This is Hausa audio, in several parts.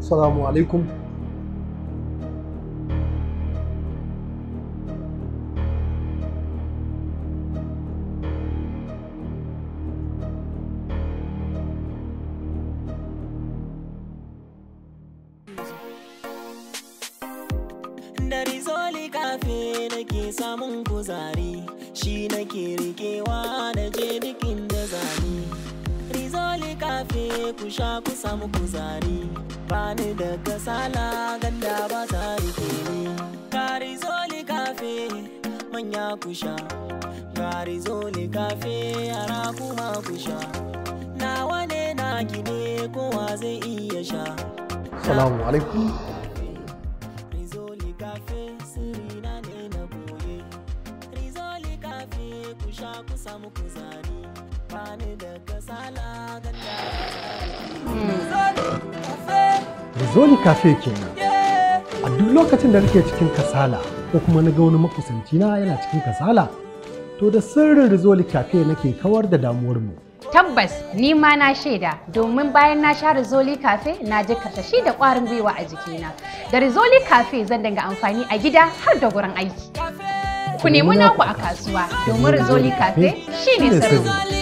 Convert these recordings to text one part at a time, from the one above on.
Assalamu alaikum. Dari zoli nake samun kuzari shi nake rikewa na je dukin da zani. Rizoli kafe ku sha ku samu kuzari. bani da kasala ganda ba ta rike ni gari zoli kafe manya kusha gari zoli kafe yara kuma kusha nawa ne na gine kowa zai iya sha salamu alaikum rizoli kafe sirina ne na boye rizoli kafe ku sha ku samu kuzari zoni cafe kenan a duk lokacin da nake cikin kasala ko kuma na ga wani makusanci na yana cikin kasala to da sirrin rizoli cafe nake kawar da damuwar mu tabbas ni ma na shaida domin bayan na sha rizoli cafe na ji kasashi da kwarin gwiwa a jikina da rizoli cafe zan dinga amfani a gida har da gurin aiki ku nemi naku a kasuwa domin rizoli cafe shine sirri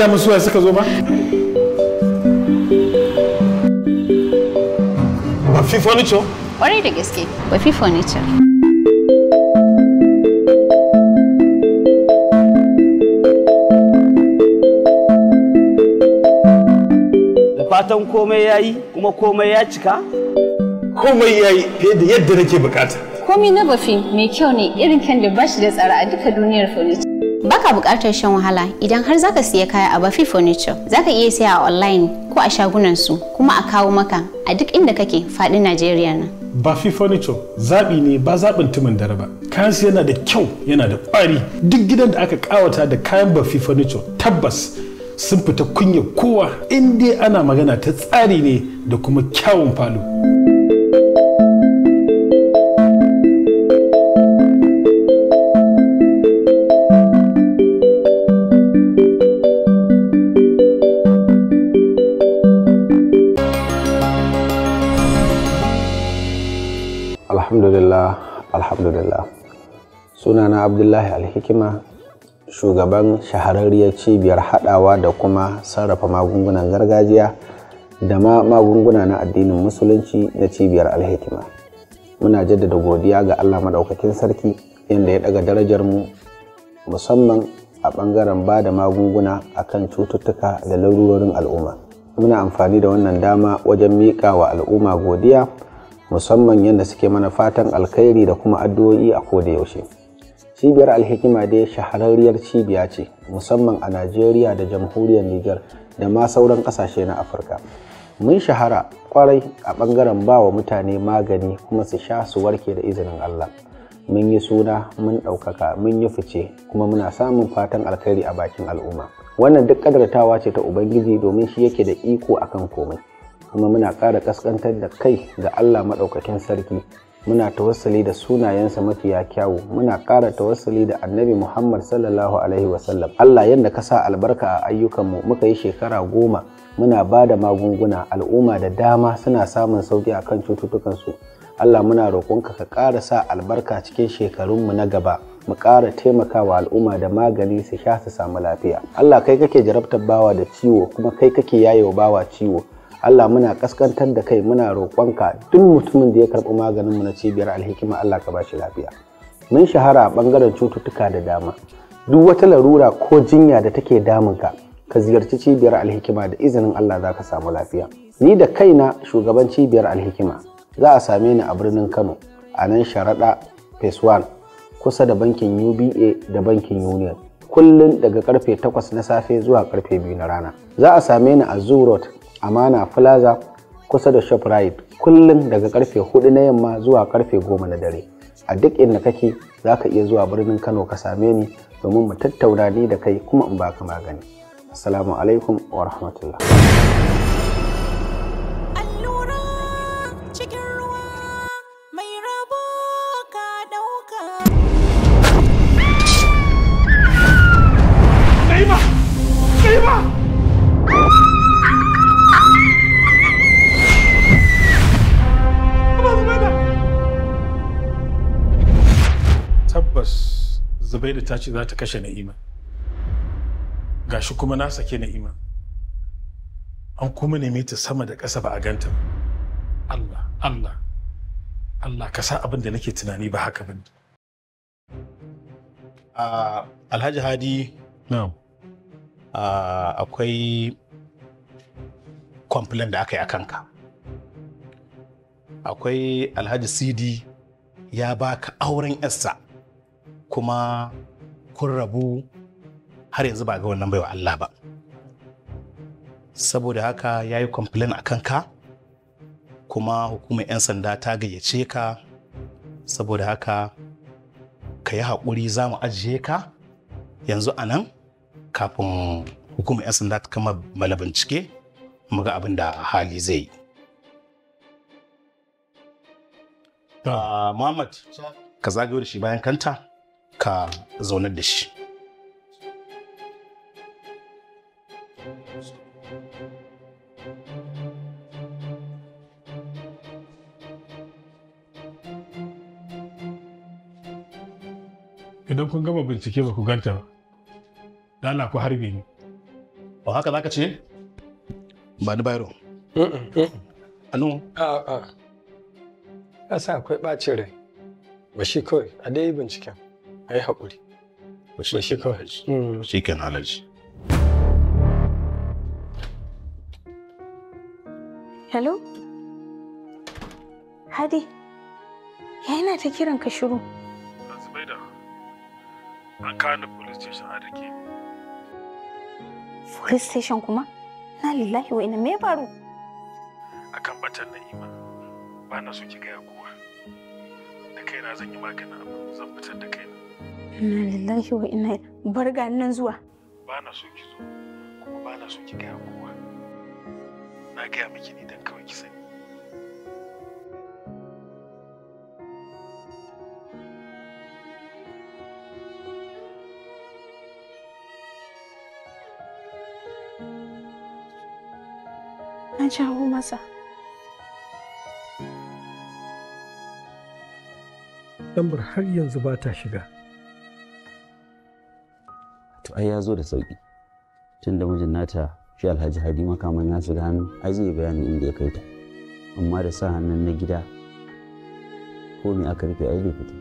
gaya musu suka zo ba fi furniture? Ƙwarai da gaske, fi furniture. Da fatan komai ya yi kuma komai ya cika? Komai ya yi fiye da yadda nake bukata. Komai na Bafi mai kyau ne irin kyan da bashi da tsara a duka duniyar furniture. baka buƙatar shan wahala idan har zaka siya kaya a Bafi Furniture. Zaka iya siya a online ko a shagunan su kuma a kawo maka a duk inda kake faɗi Najeriya nan. Bafi Furniture zaɓi ne ba zaɓin tumin dare ba. kayan su yana da kyau yana da ƙwari. Duk gidan da aka ƙawata da kayan Bafi Furniture tabbas sun fita kunya kowa in dai ana magana ta tsari ne da kuma kyawun falo. alhamdulillah sunana abdullahi alhikima shugaban shahararriyar cibiyar hadawa da kuma sarrafa magungunan gargajiya da ma magunguna na addinin musulunci na cibiyar alhikima muna jaddada godiya ga allah maɗaukakin sarki yadda ya daga darajar mu musamman a ɓangaren ba da magunguna a kan cututtuka da larurorin al'umma muna amfani da wannan dama wajen miƙa wa al'umma godiya musamman yadda suke mana fatan alkhairi da kuma addu'o'i a koda yaushe cibiyar alhikima dai shahararriyar cibiya ce musamman a najeriya da jamhuriyar niger da ma sauran ƙasashe na afirka mun shahara kwarai a bangaren ba wa mutane magani kuma su sha su warke da izinin allah mun yi suna mun ɗaukaka mun yi fice kuma muna samun fatan alkhairi a bakin al'umma wannan duk kadartawa ce ta ubangiji domin shi yake da iko akan komai kuma muna ƙara ƙasƙantar da kai ga Allah maɗaukakin sarki muna tawassali da sunayensa mafiya kyawu muna ƙara tawassali da annabi Muhammad sallallahu alaihi wasallam Allah yadda ka sa albarka a ayyukanmu muka yi shekara goma muna ba da magunguna al'umma da dama suna samun sauki kan cututtukansu Allah muna roƙonka ka ƙara sa albarka cikin shekarunmu na gaba mu ƙara taimakawa al'umma da magani su sha su samu lafiya. Allah kai kake jarabtar bawa da ciwo kuma kai kake yayewa bawa ciwo. Allah muna kaskantar da kai muna roƙonka duk mutumin da ya karɓi maganin mu na cibiyar alhikima Allah ka bashi lafiya mun shahara ɓangaren cututtuka da dama duk wata larura ko jinya da take damun ka ka ziyarci cibiyar alhikima da izinin Allah za ka samu lafiya ni da kaina shugaban cibiyar alhikima za a same ni a birnin Kano a nan sharaɗa phase 1 kusa da bankin UBA da bankin Union kullum daga karfe 8 na safe zuwa karfe 2 na rana za a same ni a Zoo amana plaza kusa da shoprite kullum daga karfe 4 na yamma zuwa karfe 10 na dare a duk inda kake za ka iya zuwa birnin kano ka same ni domin mu tattauna ni da kai kuma in baka magani assalamu alaikum wa rahmatullah Lailu ta ce za ta kashe Na'ima. Gashi kuma na sake Na'ima. An kuma neme ta sama da ƙasa ba a ganta ba. Allah, Allah, Allah ka sa abin da nake tunani ba haka ba. Uh, Alhaji Hadi. akwai kwamfilan da aka yi a kanka. Akwai Alhaji Sidi ya baka auren 'yarsa kuma kun rabu har yanzu ba ga wannan baiwa Allah ba saboda haka ya yi complain a kanka kuma hukumar 'yan sanda ta gayyace ka saboda haka ka yi haƙuri za mu ajiye ka yanzu a nan kafin hukumar 'yan sanda ta kama mala bincike mu ga abin da hali zai yi. Ah, Muhammad, ka zagayo da shi bayan kanta? ka zaunar da shi idan kun gama bincike ba ku ganta ba dala ku harbe ni ba haka ka ce ba ni bayro anu a a akwai ɓacin rai ba shi kawai a dai binciken ai haƙuri ba shi kawai hmm. shi kan halaji. hello hadi ya yana ta kiran ka shiru Azubaida, an kawo police station a rike police station kuma na lillahi wa ina me faru akan na ima, ba na so ki gaya kowa da kaina zan yi maganin abu zan fitar da kaina Inna lillahi wa ina bar ga nan zuwa. Ba na so ki zo kuma ba na so ki gaya kowa. Na gaya miki ne dan kawai ki sani. Na jawo masa. Lambar har yanzu ba ta shiga. to ai ya zo da sauki tun da mijin nata shi alhaji hadi makaman ya da hannu ai zai bayani inda ya kai ta amma da sa hannun na gida ko me aka rufe ai bai fita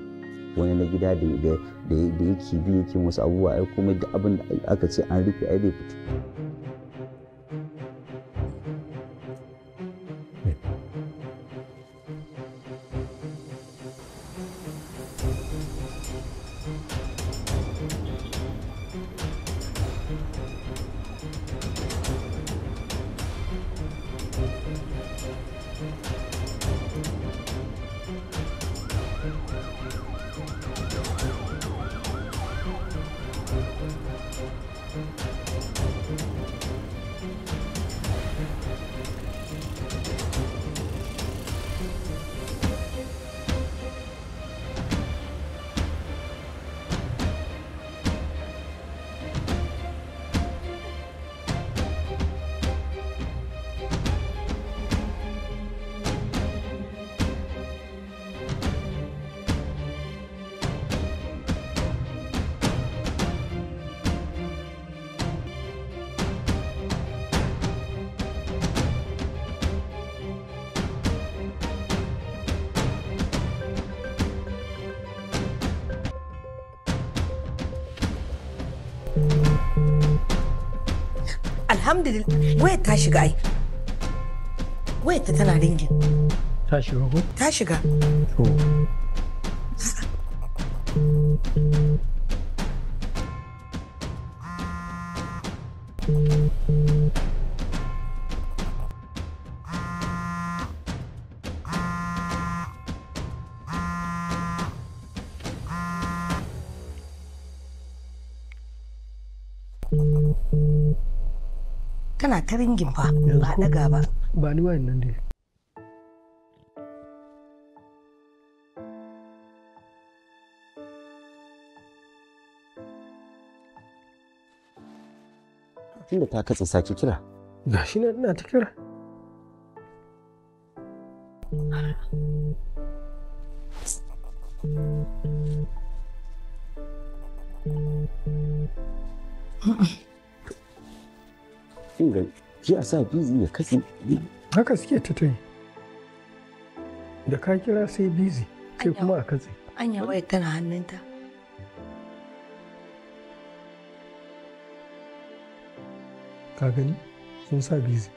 wani na gida da yake bi yake wasu abubuwa ai komai da abin da aka ce an rufe ai bai fita alhamdulillah waya ta shiga ai waya ta tana ringin ta shiga ko ta shiga to Thank you. ta ringin fa ba na gaba ba ni wayan nan dai tunda ta katse sake kira gashi na ina ta kira Mm-mm. kin ga shi a sa bizi ya katse haka suke ta tayi da ka kira sai bizi sai kuma a katse anya waya tana hannunta ka gani sun sa bizi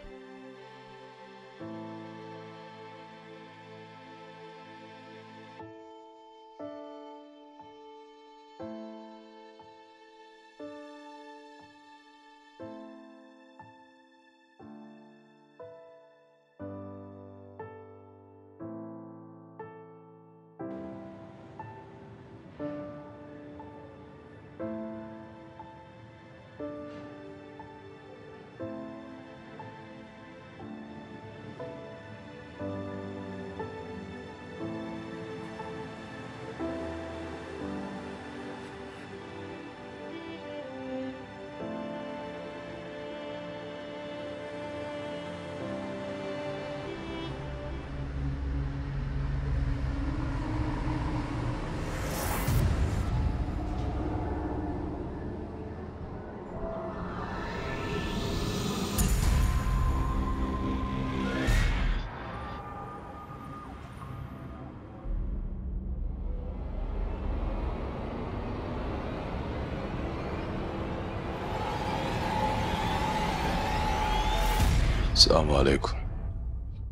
Assalamu alaikum.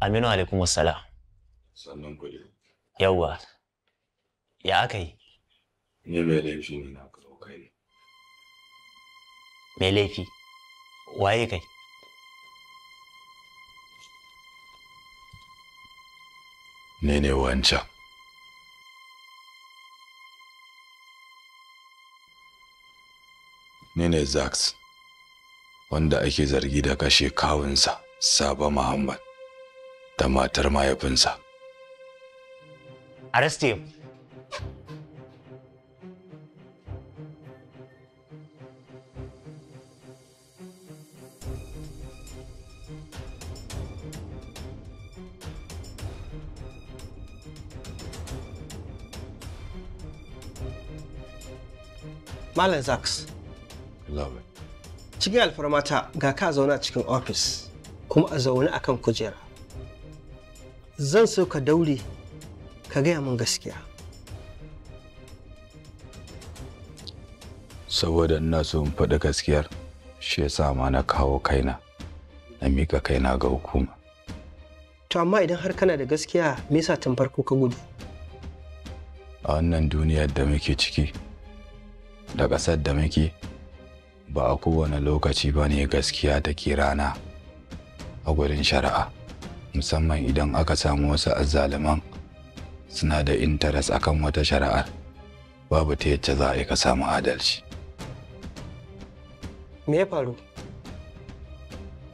Aminu alaikum wassalam. Sannan ku dai. Yawwa. Ya aka yi? Ni mai laifi ne na karo kai ne. Mai laifi? Waye kai? Ni ne wancan. Ni ne Zax, wanda ake zargi da kashe kawunsa. Saba Muhammad da matar mahaifinsa. Arrest him. Love it. Cikin alfarmata ga ka zauna cikin ofis. kuma a zaune akan kujera zan so ka daure ka gaya min gaskiya saboda ina so in faɗi gaskiyar shi yasa ma na kawo kaina na miƙa kaina ga hukuma to amma idan har kana da gaskiya me yasa tun farko ka gudu a wannan duniyar da muke ciki da ƙasar da muke ba a kowane lokaci ba ne gaskiya take rana a gurin shari'a musamman idan aka samu wasu azzaliman suna da intares akan wata shari'ar babu ta yacce za a yi ka samu adalci me ya faru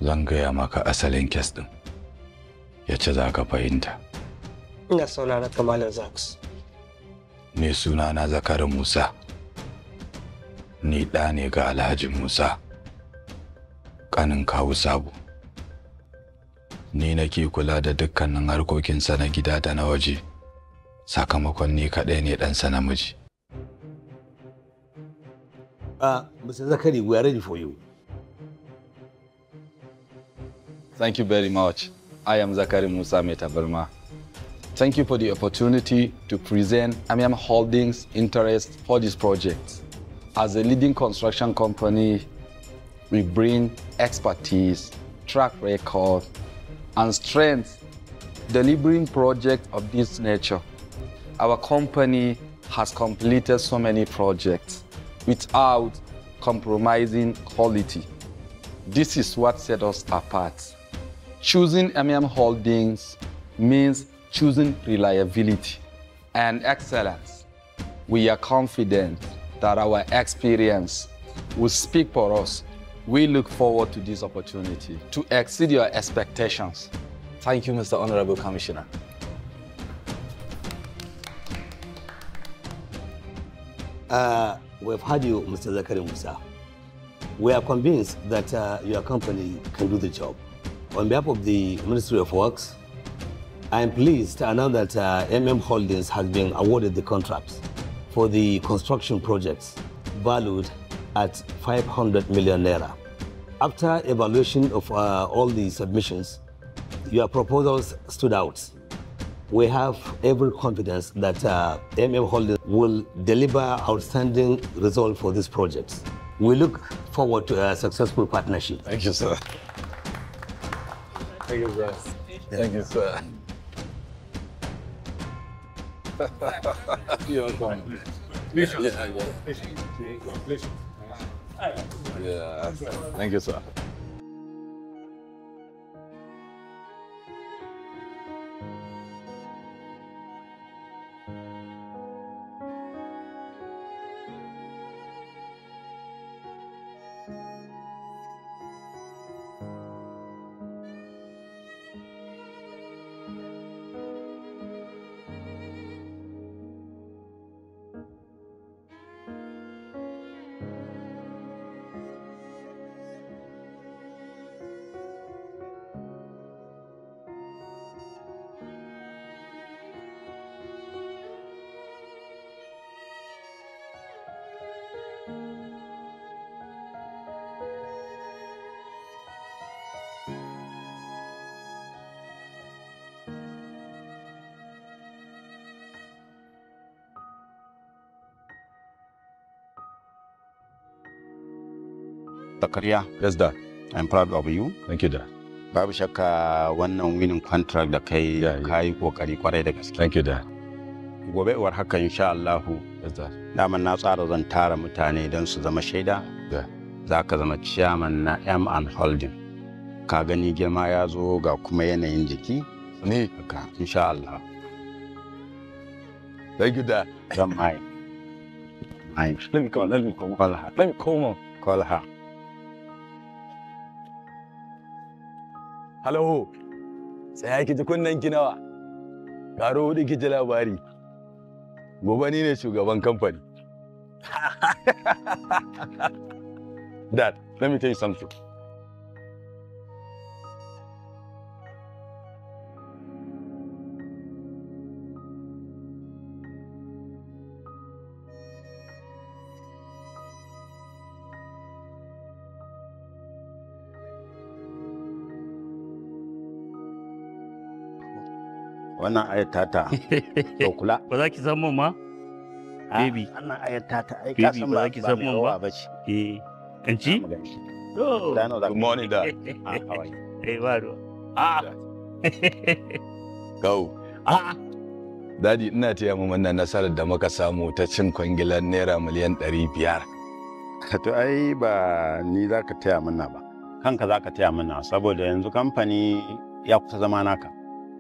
zan gaya maka asalin kes din yace za ka fahimta ina saurara kamalar zaks ne sunana zakarin musa ni ɗa ne ga alhaji musa ƙanin kawu sabo ni nake kula da dukkanin harkokinsa na gida da na waje sakamakon ni kaɗai ne ɗansa namiji. Uh, ah, Mr. Zakari, we are ready for you. Thank you very much. I am Zakari Musa Metabarma. Thank you for the opportunity to present Amiam Holdings' interest for this project. As a leading construction company, we bring expertise, track record, and strength delivering projects of this nature. Our company has completed so many projects without compromising quality. This is what set us apart. Choosing MM Holdings means choosing reliability and excellence. We are confident that our experience will speak for us we look forward to this opportunity to exceed your expectations. Thank you, Mr. Honorable Commissioner. Uh, we've heard you, Mr. Zakari Musa. We are convinced that uh, your company can do the job. On behalf of the Ministry of Works, I am pleased to announce that uh, MM Holdings has been awarded the contracts for the construction projects valued at 500 million naira. After evaluation of uh, all the submissions, your proposals stood out. We have every confidence that uh, MM Holdings will deliver outstanding results for this project. We look forward to a successful partnership. Thank you, sir. Thank you, sir. Thank you, sir. You're welcome. Please. Yeah, thank you, sir. da Zakariya. Yes, Dad. I'm proud of you. Thank you, Dad. Babu shakka wannan winning contract da kai ka yi kokari kwarai da gaske. Thank you, Dad. Gobe uwar haka insha Allahu. Yes, Dad. Daman na tsara zan tara mutane don su zama shaida. Da. Za ka zama chairman na M and Holding. Ka gani girma ya zo ga kuma yanayin jiki. Ni. Haka, insha Allah. Thank you, Dad. Zan mai. Let me come. Let me come. Call her. Let me come on. Call her. halahu tsaya ki ji kunnen ki nawa karo hudu ki ji labari gobe ni ne shugaban kamfani dad let me tell you something wannan ayat tata to kula ba za ki san mun ma baby wannan ayat tata ai ka san ba za ki san mun ba ah, ba ci eh in to good morning da ah, eh waro ah go ah dadi ina taya mu wannan nasarar da muka samu ta cin kwangilan naira miliyan 500 to ai ba ni za ka taya mana ba kanka za ka taya mana saboda yanzu kamfani ya kusa zama naka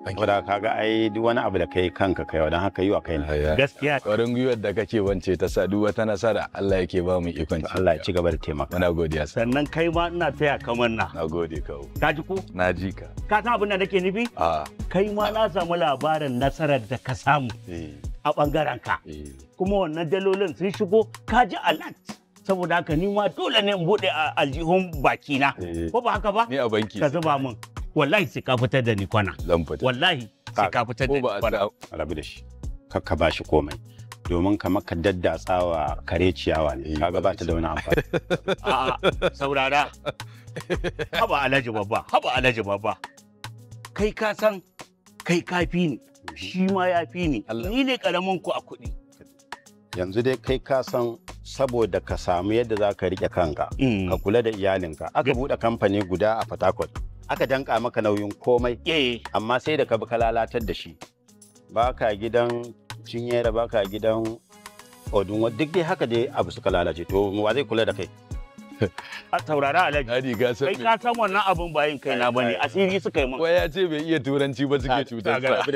saboda kaga ai duk wani abu da kai kanka kai wa don haka yi wa kai gaskiya kwarin gwiwar da kake wance ta sa duk wata nasara Allah yake ba mu ikon ci Allah ya ci gaba da taimaka muna godiya sannan kai ma ina taya ka na na gode ka ka ji ko na ji ka ka san abin da nake nufi a kai ma na samu labarin nasarar da ka samu eh. a bangaren ka eh. kuma wannan dalolin sun shigo ka ji alert saboda haka ni ma dole ne in bude aljihun bakina eh. ko ba haka ba ni a banki ka zuba min wallahi sai ka fitar da ni kwana wallahi sai ka fitar da ni kwana rabu da shi ka ba shi komai domin kamar ka daddatsawa kare ciyawa ne eh, ka gabata da wani amfani a'a saurara haba alhaji babba haba alhaji babba kai ka san kai ka fi ni mhm. shi ma ya fi ni ni ne karamin ku a kuɗi yanzu dai kai ka san saboda ka samu yadda za ka riƙe kanka mm. ka kula da iyalinka aka buɗe kamfani guda a Fatakwal aka danka maka nauyin komai eh. amma sai da ka bi ka lalatar da shi baka gidan cinyera baka gidan wa duk dai haka dai abu suka lalace to wa zai kula da kai a taurara alhaji kai ka san wannan abun ba yin na bane asiri suka yi mun wai ya ce bai iya turanci ba suke cutar sa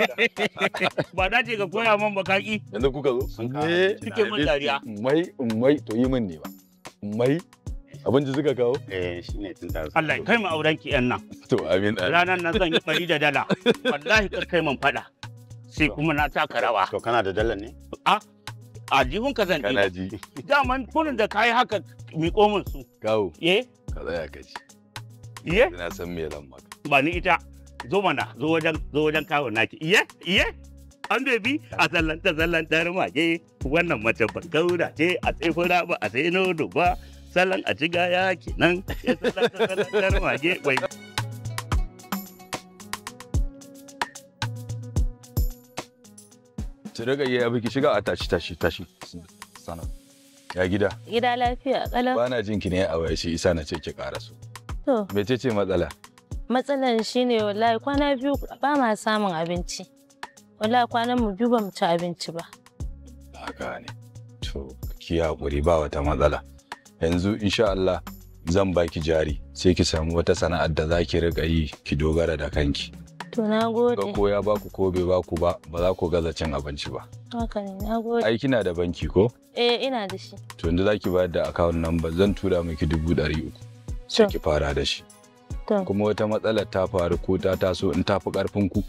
ba da ce ka koya mun ba kaki yanzu kuka zo kike eh. mun eh, dariya mai mai to yi min ne ba mai abinci suka kawo eh shine tun da Allah kai mu auren ki yan nan to amin ranan nan zan yi bari da dala wallahi kar kai mun fada sai kuma na taka rawa to kana da dala ne a a jihun ka zan kana ji daman kurin da kai haka mi komin su kawo eh ka tsaya ka ci iye ina san me zan maka ba ni ita zo mana zo wajen zo wajen kawo naki iye iye an bebi a sallanta tsallantar mage wannan mace ba gaura ce a tsefi ba a sai nodo ba salon a jiga ya nan. ya salon salon mage wai Tiraga ya abu ki shiga a tashi tashi tashi sana. Ya gida. Gida lafiya kalau. Bana jin ki ne a waya shi isa na ce ki ƙara su. To. me ce matsala? Matsalan shine wallahi kwana biyu ba ma samun abinci. Wallahi kwanan mu biyu ba mu ci abinci ba. Haka ne. To ki hakuri ba wata matsala. yanzu insha Allah zan baki jari sai ki samu wata sana'ar da za ki riƙa yi ki dogara da kanki. To na gode. Ga ko ya baku ko bai baku ba ba za ku gaza cin abinci ba. Haka ne na gode. Ai kina da banki ko? Eh ina da shi. To yanzu za ki bayar da account number zan tura miki dubu ɗari uku. Sai ki fara da shi. Kuma wata matsalar ta faru ko ta taso in ta fi ku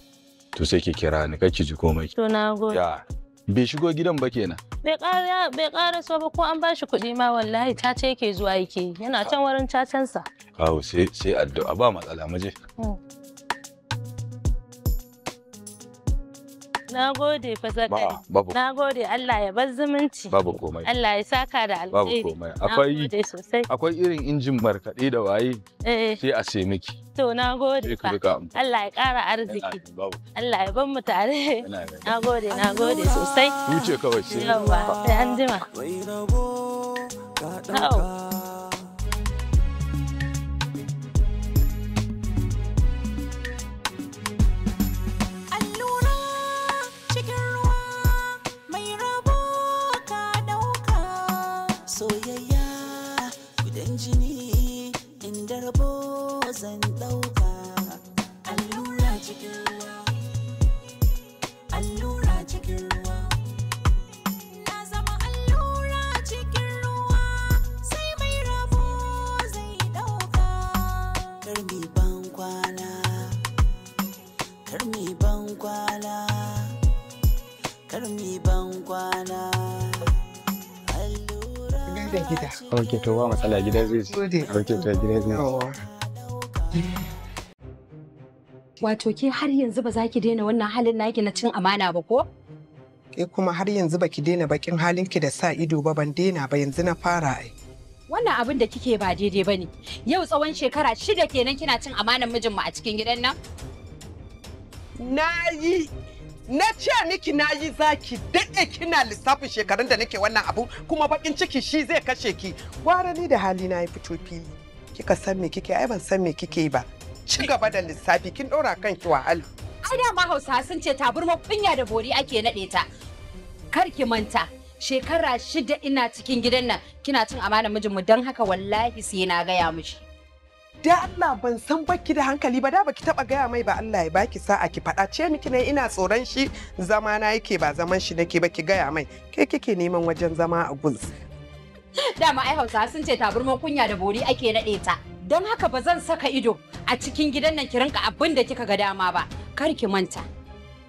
to sai ki kira ni kar ki ji komai. To na gode. bai shigo gidan ba kenan bai ƙara bai ƙara so ba ko an ba shi kuɗi ma wallahi caca yake zuwa yake yana can wurin cacansa kawo sai sai addu'a ba matsala Hmm. Na gode fasakari. Na gode Allah ya bar zumunci. Babu komai. Allah ya saka da alkhairi. Babu komai. Akwai akwai irin injin markaɗe da waye. Eh. Sai a ce miki. To na gode fa. Allah ya ƙara arziki. Allah ya bar mu tare. Na gode na gode sosai. Wuce kawai sai. Yawwa sai an jima. Ka cikin ruwa allura cikin ruwa na zama allura cikin ruwa sai rabo zai dauka karmi ok to zai zai Wato ke har yanzu ba za ki daina wannan halin naki na cin amana ba ko? Ke kuma har yanzu ba ki daina bakin halinki da sa ido ba ban daina ba yanzu na fara ai. Wannan abin da kike ba daidai ba ne. Yau tsawon shekara shida kenan kina cin amanan mu a cikin gidan nan? Na yi na ce miki na yi zaki daɗe kina lissafin shekarun da nake wannan abu kuma bakin ciki shi zai kashe ki gwara ni da hali na ya fito fili kika san me kike ai ban san me kike ba ci gaba da lissafi kin ɗora ki wahala. Ai dama Hausa sun ce taburma kunya da bori ake naɗe ta. Kar ki manta shekara shida ina cikin gidan nan kina cin amanar mu don haka wallahi sai na gaya mishi. Da Allah ban san baki da hankali ba da baki taba gaya mai ba Allah ya baki sa'a ki faɗa ce miki ne ina tsoron shi zama na yake ba zaman shi nake ba ki gaya mai kai kike neman wajen zama a guls. Dama ai Hausa sun ce taburma kunya da bori ake naɗe ta. don haka ba zan saka ido a cikin gidan nan ki abin da kika ga dama ba kar ki manta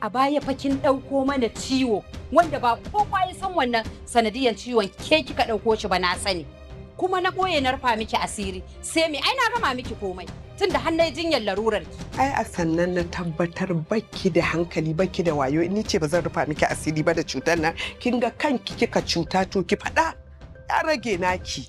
a baya fa kin ɗauko mana ciwo wanda ba kowa ya san wannan sanadiyan ciwon ke kika ɗauko shi ba na sani kuma na ɓoye na rufa miki asiri sai me ai na gama miki komai tun da hannun jinyar larurar ki. Ai a sannan na tabbatar baki da hankali baki da wayo ni ce ba zan rufa miki asiri ba da cutar nan kin ga kanki kika cuta to ki faɗa ya rage naki.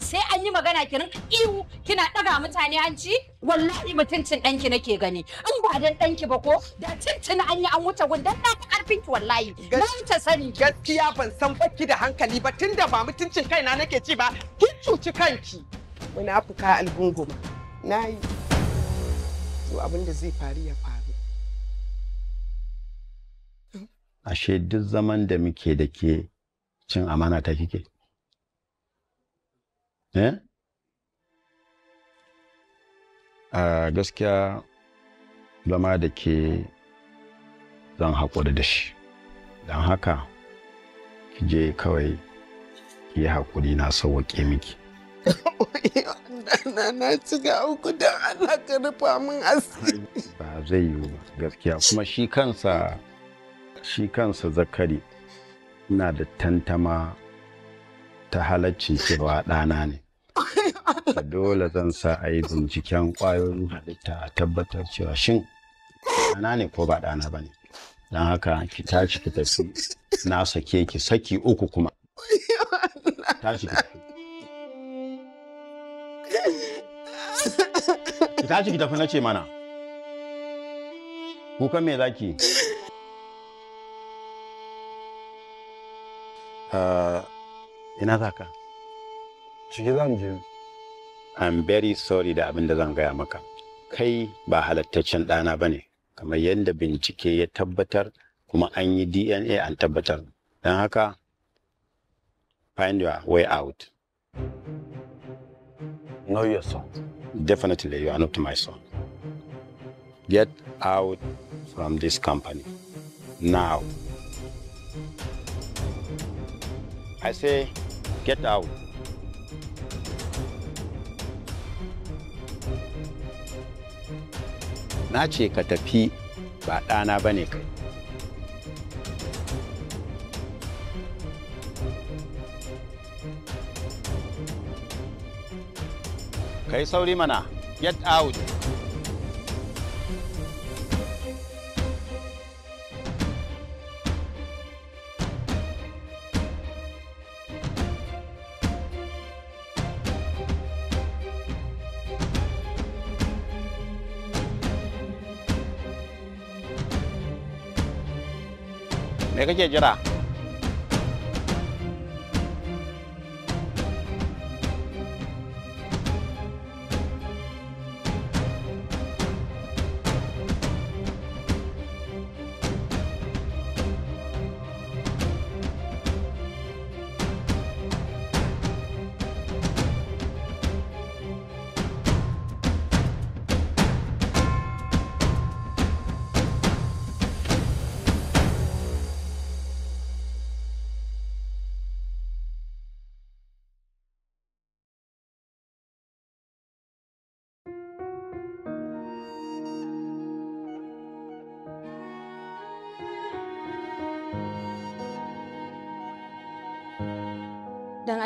sai an yi magana kirin iwu kina daga mutane hanci wallahi mutuncin danki nake gani in ba dan danki ba ko da tuntuna an yi an wuce gundan na fi karfin ki wallahi na ta sani gaskiya ban san baki da hankali ba tunda ba mutuncin kaina nake ci ba kin cuci kanki Muna munafuka algunguma nayi to abin da zai faru ya faru ashe duk zaman da muke da ke cin amana ta kike Eh? a gaskiya zama da ke zan haƙuri da shi don haka ki je kawai ki yi haƙuri na sauwaƙe miki na na ga uku don Allah ka rufa min asiri ba zai yiwu gaskiya kuma shi kansa shi kansa zakari ina da tantama ta halarci cewa ɗana ne dole zan sa a yi binciken ƙwayoyin halitta a tabbatar cewa shin ɗana ne ko ba ɗana ba ne don haka ki tashi ki tafi na sake ki saki uku kuma tashi ki tafi ki tashi ki tafi na ce mana kuka me zaki uh, ina za ka ciki zan je i'm very sorry da abin da zan gaya maka kai ba halattaccen ɗana ba ne kamar yadda bincike ya tabbatar kuma an yi dna an tabbatar don haka find your way out know your son definitely you are not my son get out from this company now i say get out na ce ka tafi ba ɗana ba ne kai kai sauri mana get out 给解决了。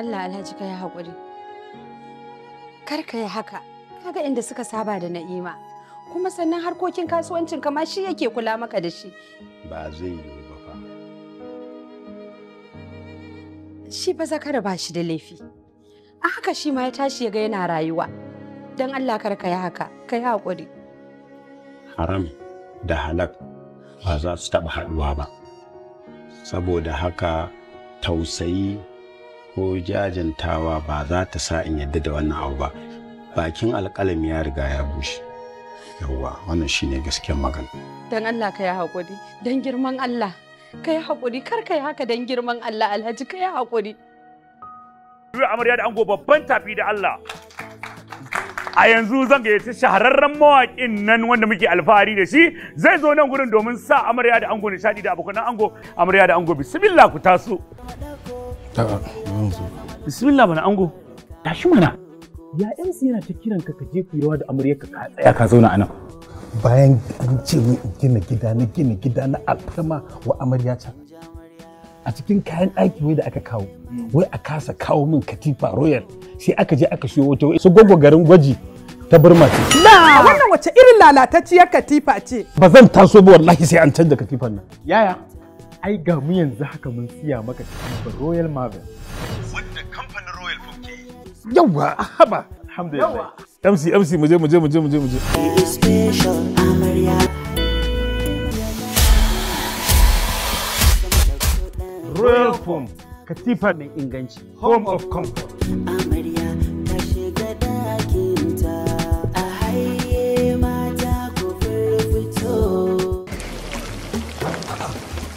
Allah Alhaji ka yi haƙuri. Kar ka yi haka, kaga inda suka saba da na'ima. Kuma sannan harkokin kasuwancin ma shi yake kula maka da shi. Ba zai yi ba fa. Shi ba zakara ba shi da laifi. A haka shi ma ya tashi ya ga yana rayuwa. Dan Allah kar ka yi haka, ka yi haƙuri. Haram da halak ba za su taɓa haɗuwa ba. Saboda haka tausayi ko jajantawa ba za ta sa in yadda da wannan abu ba bakin alƙalami ya riga ya bushe yawwa wannan shine gaskiyar magana dan Allah ka yi haƙuri dan girman Allah ka yi haƙuri kar ka yi haka dan girman Allah alhaji ka yi haƙuri Dura amarya da ango babban tafi da Allah a yanzu zan gayyaci shahararren mawaƙin nan wanda muke alfahari da shi zai zo nan gurin domin sa amarya da ango nishadi da abokan ango amarya da ango bismillah ku taso A'a, Bismillah bana ango. Tashi mana. Ya MC yana ta kiran ka ka je ku rawa da amarya ka tsaya ka zauna a nan. Bayan an ce min gina gida na gina gida na wa amarya ta. A cikin kayan ɗaki wai da aka kawo, wai a kasa kawo min katifa royal sai aka je aka siyo wata su gwagwa garin gwaji ta burma ce. wannan wace irin lalatacciyar katifa ce? Ba zan taso ba wallahi sai an canza katifan nan. Yaya? ai ga mu yanzu haka mun siya maka cikin Royal Marvel. Wanda kamfanin Royal Food ke yi. Yawwa, haba. Alhamdulillah. MC MC mu je mu je mu je mu je mu je. Royal Foam, katifa mai inganci, home of comfort.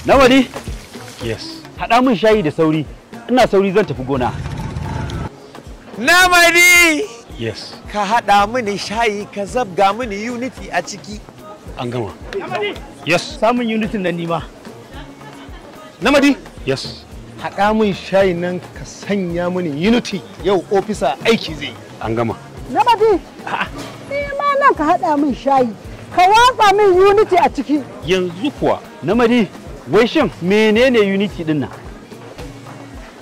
Nawa ne? Yes. Haɗa min shayi da sauri. Ina sauri zan tafi gona. Namadi! Yes. Ka haɗa mini shayi ka zabga mini unity a ciki. An gama. Yes. Samun unity nan nima. Namadi? Yes. Haɗa min shayi nan ka sanya mini unity yau ofisa aiki zai. An gama. Namadi! Ni ma nan ka haɗa min shayi. Ka wafa min unity a ciki. Yanzu kuwa. Namadi! wai shin menene unity din nan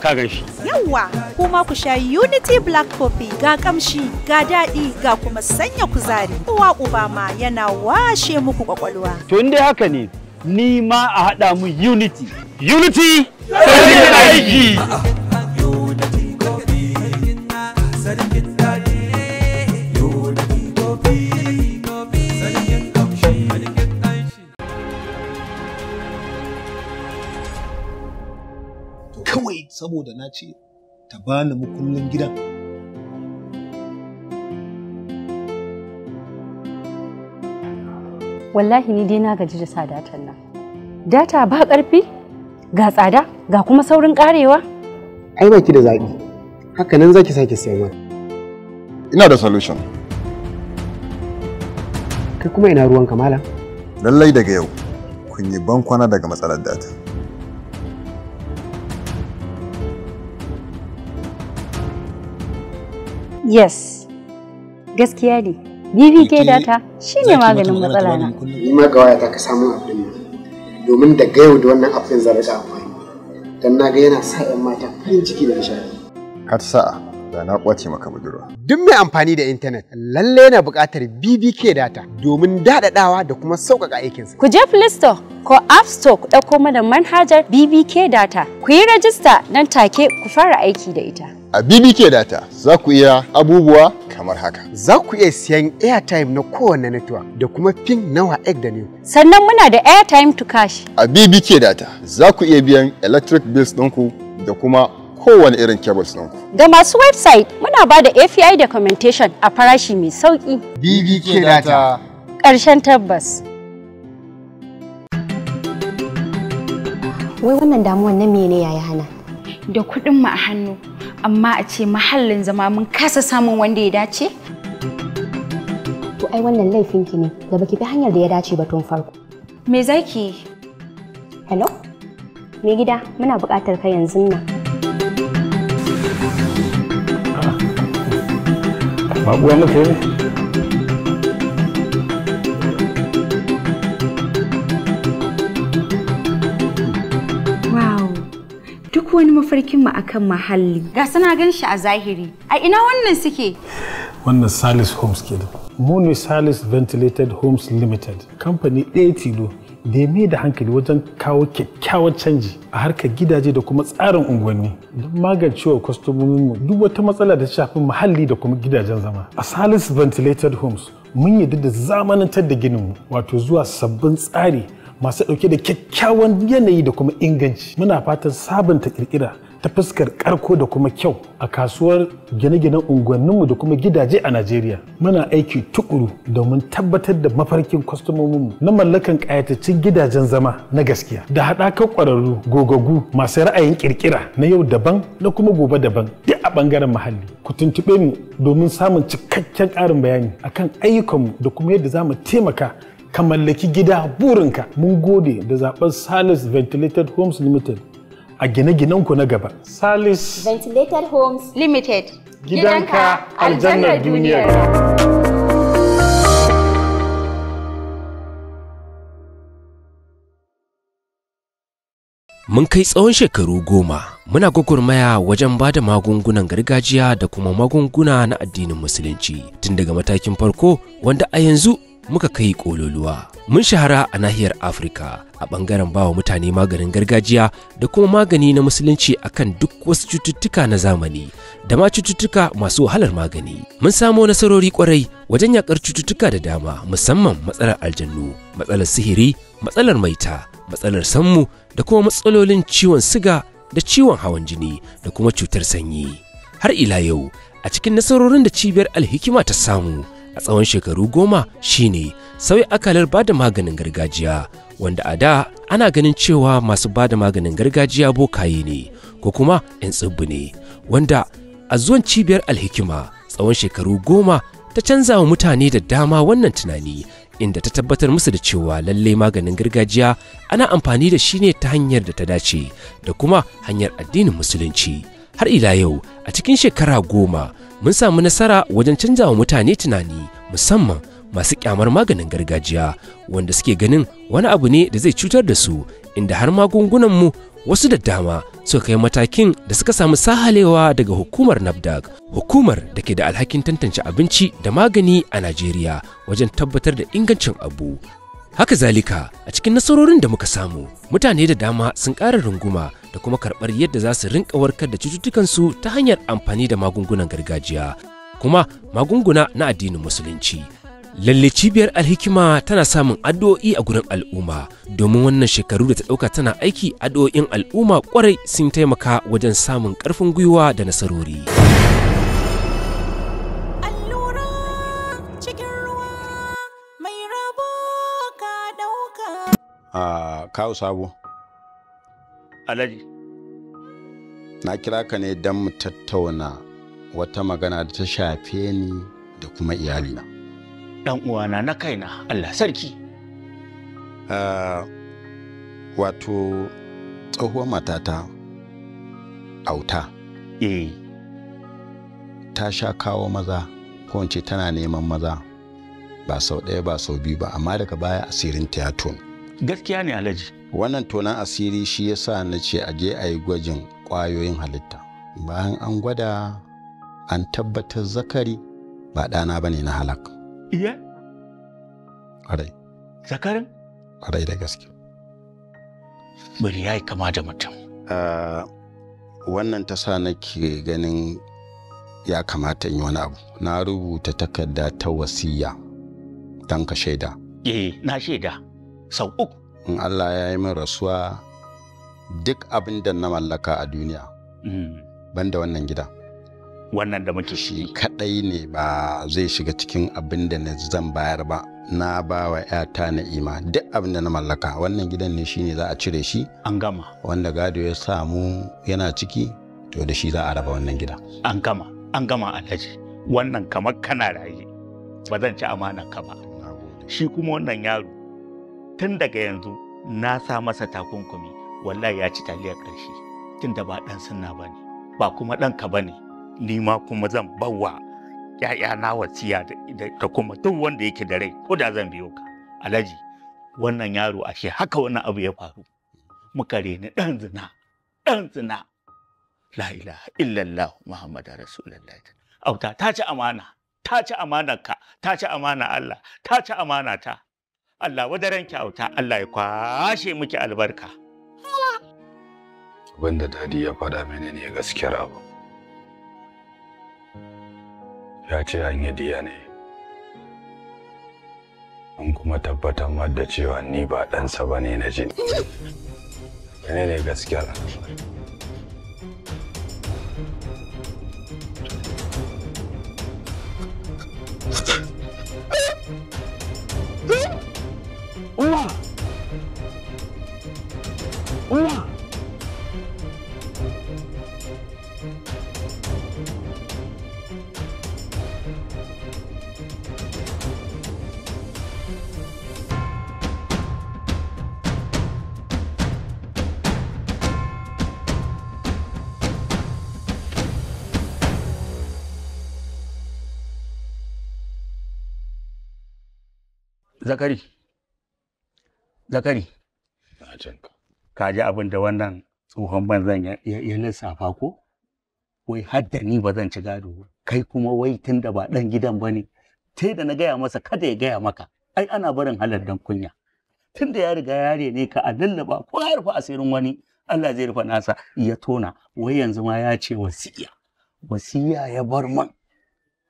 ka gan shi yawa kuma ku sha unity black coffee ga kamshi ga daɗi ga kuma sanya kuzari uwa uba ma yana washe muku kwakwalwa to haka ne ni ma a haɗa mu unity unity sai aiki saboda na ce ta bani mukullin gidan. Wallahi ni dai na gaji da sa datan nan. Data ba ƙarfi, ga tsada, ga kuma saurin ƙarewa. Ai baki da zaɓi, nan zaki sake siyan Ina da solution. Kai kuma ina ruwan kamala? Lallai daga yau, kun yi bankwana daga matsalar data. Yes. Gaskiya ne. BBK data shine maganin matsala na. Ni ma ga waya ta ka samu abin nan. Domin ga yau da wannan abin zan rika amfani. Dan na ga yana sa ƴan mata farin ciki da nishaɗi. Har sa'a da na kwace maka budurwa. Duk mai amfani da intanet lalle yana buƙatar BBK data domin daɗaɗawa da kuma sauƙaƙa aikinsa. Ku je Play Store ko App Store ku ɗauko mana manhajar BBK data. Ku yi rajista nan take ku fara aiki da ita. A BBK Data za ku iya abubuwa kamar haka. Za ku iya siyan airtime na kowane network da kuma pin nawa WAEC da NEW. Sannan muna da airtime to cash. A BBK Data za ku iya biyan electric bills ɗinku da kuma kowane irin cables ɗinku. Ga masu website muna ba da API documentation a farashi mai sauƙi. BBK Data. Ƙarshen tabbas. Wai wannan damuwan na mene ya hana? Da kuɗin mu a hannu. amma a ce mahallin zama mun kasa samun wanda ya dace? To ai wannan laifinki ne da baki bi hanyar da ya dace ba tun farko. Me zaki? Hello? Me gida muna buƙatar ka yanzu nan. Babu wani kai duk wani mafarkin mu akan muhalli. ga sana gan shi a zahiri a ina wannan suke wannan salis homes ke da muni salis ventilated homes limited kamfani ɗaya tilo da ya da hankali wajen kawo kyakkyawar canji a harkar gidaje da kuma tsarin unguwanni don magancewa kwastomominmu duk wata matsala da shafi muhalli da kuma gidajen zama a salis ventilated homes mun yi da zamanantar da gininmu wato zuwa sabbin tsari masu ɗauke da kyakkyawan yanayi da kuma inganci muna fatan sabunta ƙirƙira ta fuskar ƙarko da kuma kyau a kasuwar gine-ginen unguwanninmu da kuma gidaje a najeriya muna aiki tukuru domin tabbatar da mafarkin kwastomominmu na mallakan ƙayatattun gidajen zama na gaskiya da haɗakar ƙwararru gogagu masu ra'ayin ƙirƙira na yau daban na kuma gobe daban duk a ɓangaren muhalli ku tuntuɓe mu domin samun cikakken ƙarin bayani akan ayyukanmu da kuma yadda za mu taimaka ka mallaki gida burinka mun gode da zaɓar salis ventilated homes limited a gine-ginenku na gaba salis ventilated homes limited gidanka aljannar duniyar Mun kai tsawon shekaru goma muna gwagwarmaya wajen ba da magungunan gargajiya da kuma magunguna na addinin musulunci tun daga matakin farko wanda a yanzu muka kai kololuwa. Mun shahara a nahiyar Afirka a bangaren bawa mutane maganin gargajiya da kuma magani na musulunci akan duk wasu cututtuka na zamani da ma cututtuka masu wahalar magani. Mun samo nasarori kwarai wajen yakar cututtuka da dama musamman matsalar aljannu, matsalar sihiri, matsalar maita, matsalar sammu da kuma matsalolin ciwon siga da ciwon hawan jini da kuma cutar sanyi. Har ila yau, a cikin nasarorin da cibiyar alhikima ta samu a tsawon shekaru goma shine sauya akalar bada maganin gargajiya wanda a da ana ganin cewa masu bada maganin gargajiya bokaye ne ko kuma 'yan tsibbu ne wanda a zuwan cibiyar alhikima tsawon shekaru goma ta canza wa mutane da dama wannan tunani inda ta tabbatar musu da cewa lalle maganin gargajiya ana amfani da shi ne ta hanyar da ta dace da kuma hanyar addinin musulunci har ila yau a cikin shekara goma mun samu nasara wajen canza wa mutane tunani musamman masu kyamar maganin gargajiya wanda suke ganin wani abu ne da zai cutar da su inda har magungunanmu wasu da dama suka kai matakin da suka samu sahalewa daga hukumar nafdag hukumar da ke da alhakin tantance abinci da magani a najeriya wajen tabbatar da ingancin abu haka zalika a cikin nasarorin da muka samu mutane da dama sun ƙara runguma da kuma karɓar yadda za su rinka warkar da cututtukansu ta hanyar amfani da magungunan gargajiya kuma magunguna na addinin musulunci lalle cibiyar alhikima tana samun addu'o'i a gurin al'umma domin wannan shekaru da ta ɗauka tana aiki addu'o'in al'umma kwarai sun taimaka wajen samun ƙarfin gwiwa da nasarori. Uh, ah, kawo sabo alaji na kira ka ne don mu tattauna wata magana da ta shafe ni da kuma iyalina dan uwana na kaina allah sarki uh, wato tsohuwar matata auta eh ta sha kawo maza ko tana neman maza ba sau ɗaya ba sau biyu ba amma daga baya asirin ta gaskiya ne alhaji wannan tonan asiri shi ya sa na ce a je a yi gwajin ƙwayoyin halitta bayan an gwada an tabbatar zakari ba ɗana ba ne na halak iya ƙwarai zakarin ƙwarai da gaske bari ya yi kama da mutum wannan ta sa nake ganin ya kamata in yi wani abu na rubuta takarda ta wasiya don ka shaida eh na shaida sau uku in Allah ya yi min rasuwa duk abin da na mallaka a duniya hmm. ban da wannan gida wannan da muke shi kadai ne ba zai shiga cikin abin da na zan bayar ba na ba wa yata na ima duk abin da na mallaka wannan gidan ne shi ne za a cire shi an gama wanda gado ya samu yana ciki to da shi za a raba wannan gida an gama an gama alhaji wannan kamar kana raye ba zan ci amanar ka ba shi kuma wannan yaro tun daga yanzu na sa masa takunkumi wallahi ya ci taliyar ƙarshe tun da ba ɗan sunna ba ne ba kuma ɗanka ba ne ni ma kuma zan bawa ‘ya'yana wasiya da kuma duk wanda yake da rai ko da zan biyo ka alhaji wannan yaro ashe haka wannan abu ya faru muka reni ɗan zina ɗan zina la ilaha illallah muhammadu rasulullah auta ta ci amana ta ci amana ka ta ci amana Allah ta ci amana ta Allah wadaren kyauta Allah ya kwashe miki albarka. Abin da dadi ya faɗa mini ne gaskiyar abu. Ya ce an yi diya ne. An kuma tabbatar ma da cewa ni ba ɗansa ba ne na jini. Mene ne gaskiyar Ума! Ума! Закарич, zakari ka ji abin da wannan tsohon banzan ya lissafa ko wai hadda ni ba zan ci gado kai kuma wai tun da ba ɗan gidan ba ne tai da na gaya masa kada ya gaya maka ai ana barin halar dan kunya tun da ya riga yare ne ka a lallaba ko ya rufe asirin wani Allah zai rufe nasa ya tona wai yanzu ma ya ce wasiya wasiya ya bar man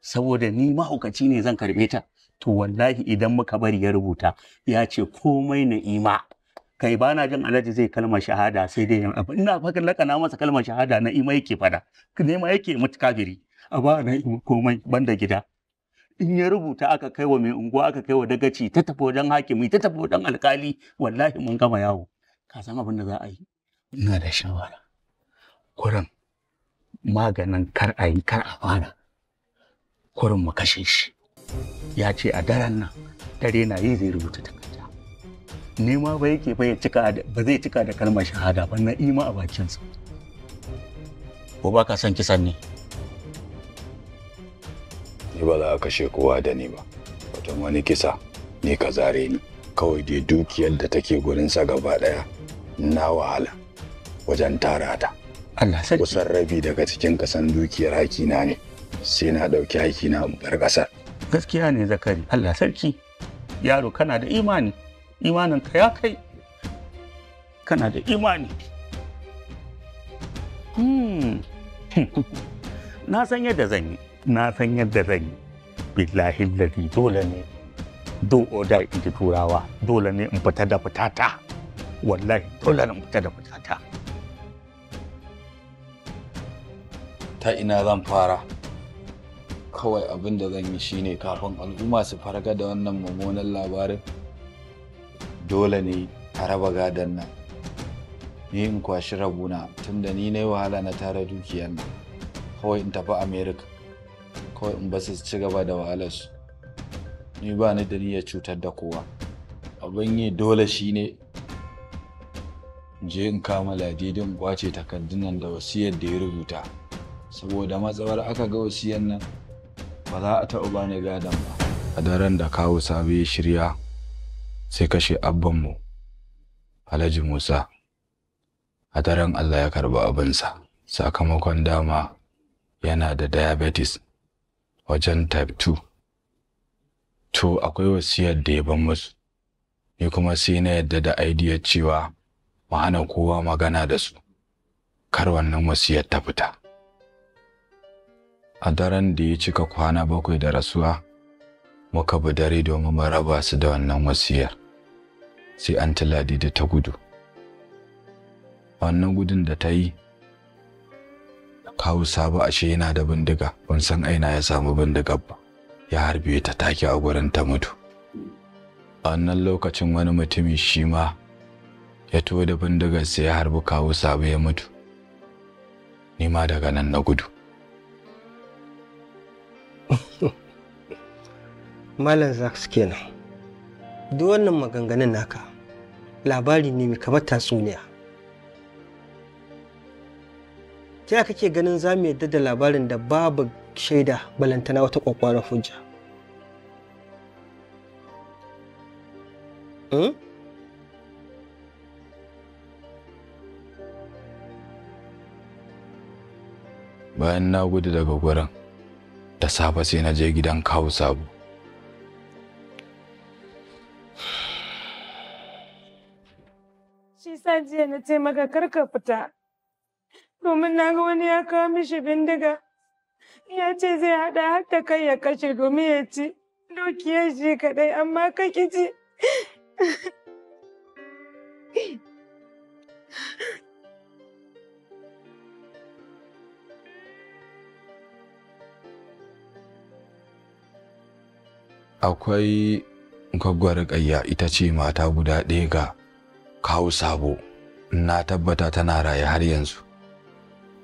saboda ni mahaukaci ne zan karbe ta to wallahi idan muka bari ya rubuta ya ce komai na'ima. kai bana jin alhaji zai kalmar shahada sai dai ina fakin lakana masa kalmar shahada na ima yake fada nema yake mutu kafiri a ba na ima komai banda gida in ya rubuta aka kai wa mai unguwa aka kai wa dagaci ta tafi wajen hakimi ta tafi wajen alkali wallahi mun gama yawo ka san abin da za a yi ina da shawara kurin maganin kar a yi kar a fara kurin mu kashe shi ya ce a daren nan dare na yi zai rubuta takarda nema ba yake ba cika zai cika da kalmar shahada ba na ima a bakinsa ko ba ka san kisan ne ni ba za a kashe kowa da ni ba wajen wani kisa ni ka zare ni kawai dai dukiyar da take gurin sa gaba daya na wahala wajen tara ta Allah sarki kusan rabi daga cikin kasan dukiyar hakina ne sai na ɗauki hakina in bar ƙasar gaskiya ne zakari allah sarki yaro kana da imani imaninka ya kai kana da imani hmm. na san yadda zan yi na san yadda zan yi billahi ladi dole ne do oda in ji turawa dole ne in fita da fitata wallahi dole ne in fita da fitata ta ina zan fara kawai abin da zan yi shine kafin al'umma su farga da wannan mummunan labarin dole ne a raba gadon nan ni in kwashi rabuna tunda ni na wahala na tara dukiyar nan kawai in tafi america kawai in basu ci gaba da wahalarsu ni ba ni da niyyar cutar da kowa abin yi dole shine je in kama ladidin kwace takardunan da wasiyar da ya rubuta saboda matsawar aka ga wasiyar nan ba za a taɓa bani gadon ba a daren da kawo sabi ya shirya sai kashe abbanmu alhaji musa a daren allah ya karba abinsa sakamakon dama yana da diabetes wajen type 2 to akwai wasiyar da ya ban musu ni kuma sai na yadda da aidiyar cewa ma'ana kowa magana da su kar wannan wasiyar ta fita a daren da ya cika kwana bakwai da rasuwa muka bi dare domin mu raba su da wannan wasiyar sai an tiladi da ta gudu wannan gudun da ta yi kawu sabu ashe yana da bindiga ban san aina ya samu bindigar ba ya harbe ta take a gurin ta mutu a wannan lokacin wani mutumi shi ma ya to da sai ya harbi kawu sabu ya mutu ni ma daga nan na gudu Malam zaks kenan. Duk wannan maganganun naka labari ne mai kamar tatsuniya. Ta kake ganin za mu yadda da labarin da babu shaida balantana wata kwakwaran hujja? Hmm? Bayan na gudu daga gurin. da safe sai na je gidan kawo sabu. shi sa jiya na ce maka karka fita domin na ga wani ya kawo mishi bindiga ya ce zai haɗa har da kai ya kashe domin ya ci dukiyar shi kaɗai amma ka ƙi ci akwai gwaggwar ƙayya ita ce mata guda ɗaya ga kawo sabo na tabbata tana raye har yanzu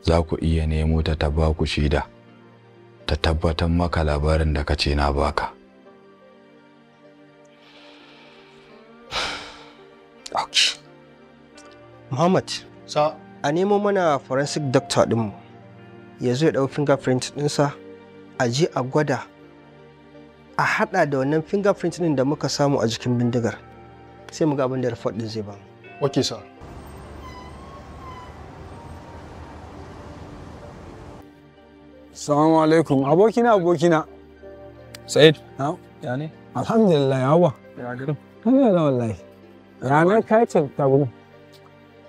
za ku iya nemo ta ta ba ku shaida ta tabbatar maka labarin da ka ce na baka Muhammad, sa a nemo mana forensic doctor ɗinmu ya zo ya ɗau fingerprint ɗinsa a je a gwada a hada da wannan fingerprint din da muka samu a jikin bindigar sai mu ga abin da report din zai ba okay sir Assalamu alaikum abokina abokina Said na ya ne alhamdulillah wa ya garin kana da wallahi ya na kai ta gudu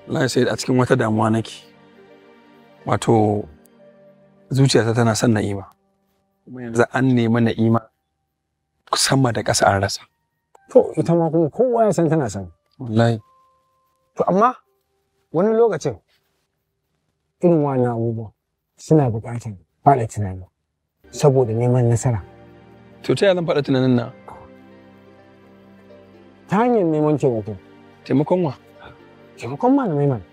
wallahi Said a cikin wata damuwa nake wato zuciyata tana son na'ima kuma yanzu an nemi na'ima sama da ƙasa an rasa. To ita ma kuma kowa ya san tana san. Wallahi. To amma wani lokacin irin wani abubuwa suna buƙatar faɗa tunani saboda neman nasara. To ta yi zan faɗa tunanin na? Ta hanyar neman taimako. Taimakon wa? Taimakon malamai mana.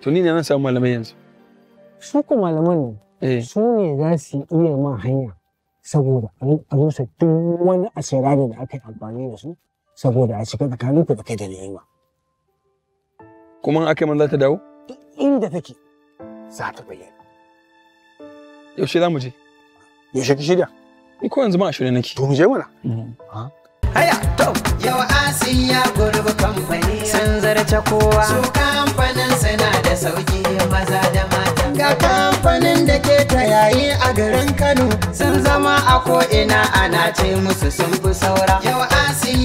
To ni ne nan samu malamai yanzu. Su ku malaman ne. Eh. Su ne za su iya ma hanya saboda a rusa duk wani asirari da aka yi amfani da su saboda a shiga tsakanin ku da kai da nema. Kuma aka yi man za ta dawo? Inda take za ta bayyana. Yaushe za mu je? Yaushe ka shirya? Ni ko yanzu ma a shirya nake. To mu je mana. Mm. Ah. Haya! yau ya gurbi kamfani sun zarce kowa su kamfanin suna da sauki maza da mata ga kamfanin da ke ta yayi a garin kano sun zama a ko'ina ana ce musu sun fi saura yau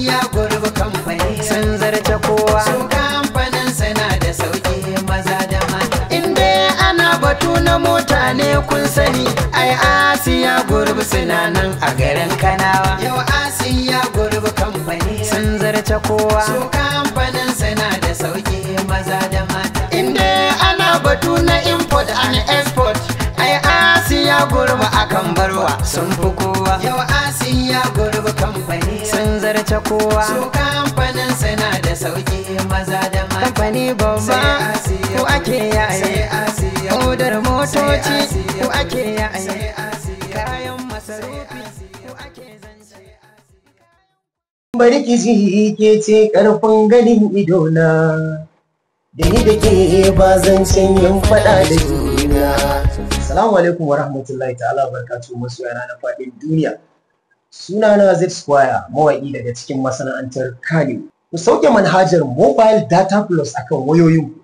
ya gurbi kamfani sun zarce kowa su kamfanin suna da sauki batu na mota ne kun sani ai asiya gurbi suna nan a garin kanawa yau asiya gurbi kamfani sun zarce kowa su kamfanin suna da sauki maza da mata inda ana batu na import and export asiya gurba akan barwa sun fi kowa yau asiya gurba kamfani sun zarce kowa su kamfanin suna da sauki maza da mata kamfani babba ko ake yaye odar motoci ko ake yaye kayan masarufi ko ake zance bari ki ji ke ce karfin ganin idona da ni da ke ba zancen yin fada da juna Assalamu alaikum wa rahmatullahi ta'ala wa barakatuhu masu yana na faɗin duniya. suna na Z Squire mawaƙi daga cikin masana'antar Kano. Ku sauke manhajar Mobile Data Plus akan wayoyinku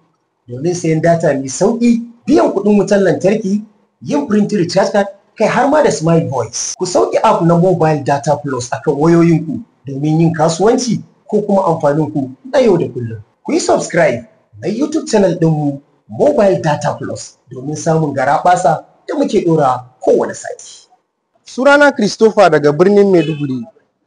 domin sayan data mai sauƙi, biyan kuɗin wutar lantarki, yin print recharge card, kai har ma da Smile Voice. Ku sauke app na Mobile Data Plus akan ku domin yin kasuwanci ko kuma amfanin ku na yau da kullum. Ku yi subscribe na YouTube channel ɗinmu mobile data plus domin samun garaɓasa da muke dora kowane sati. Surana Christopher daga birnin Maiduguri.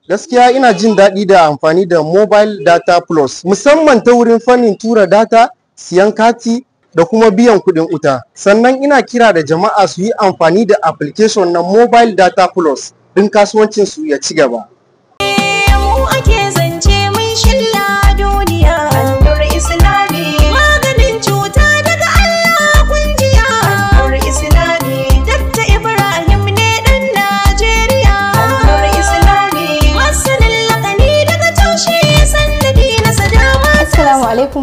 Gaskiya ina jin daɗi da amfani da mobile data plus musamman ta wurin fannin tura data, siyan kati da kuma biyan kuɗin wuta. Sannan ina kira da jama'a su yi amfani da application na mobile data plus ɗin kasuwancinsu ya ci gaba.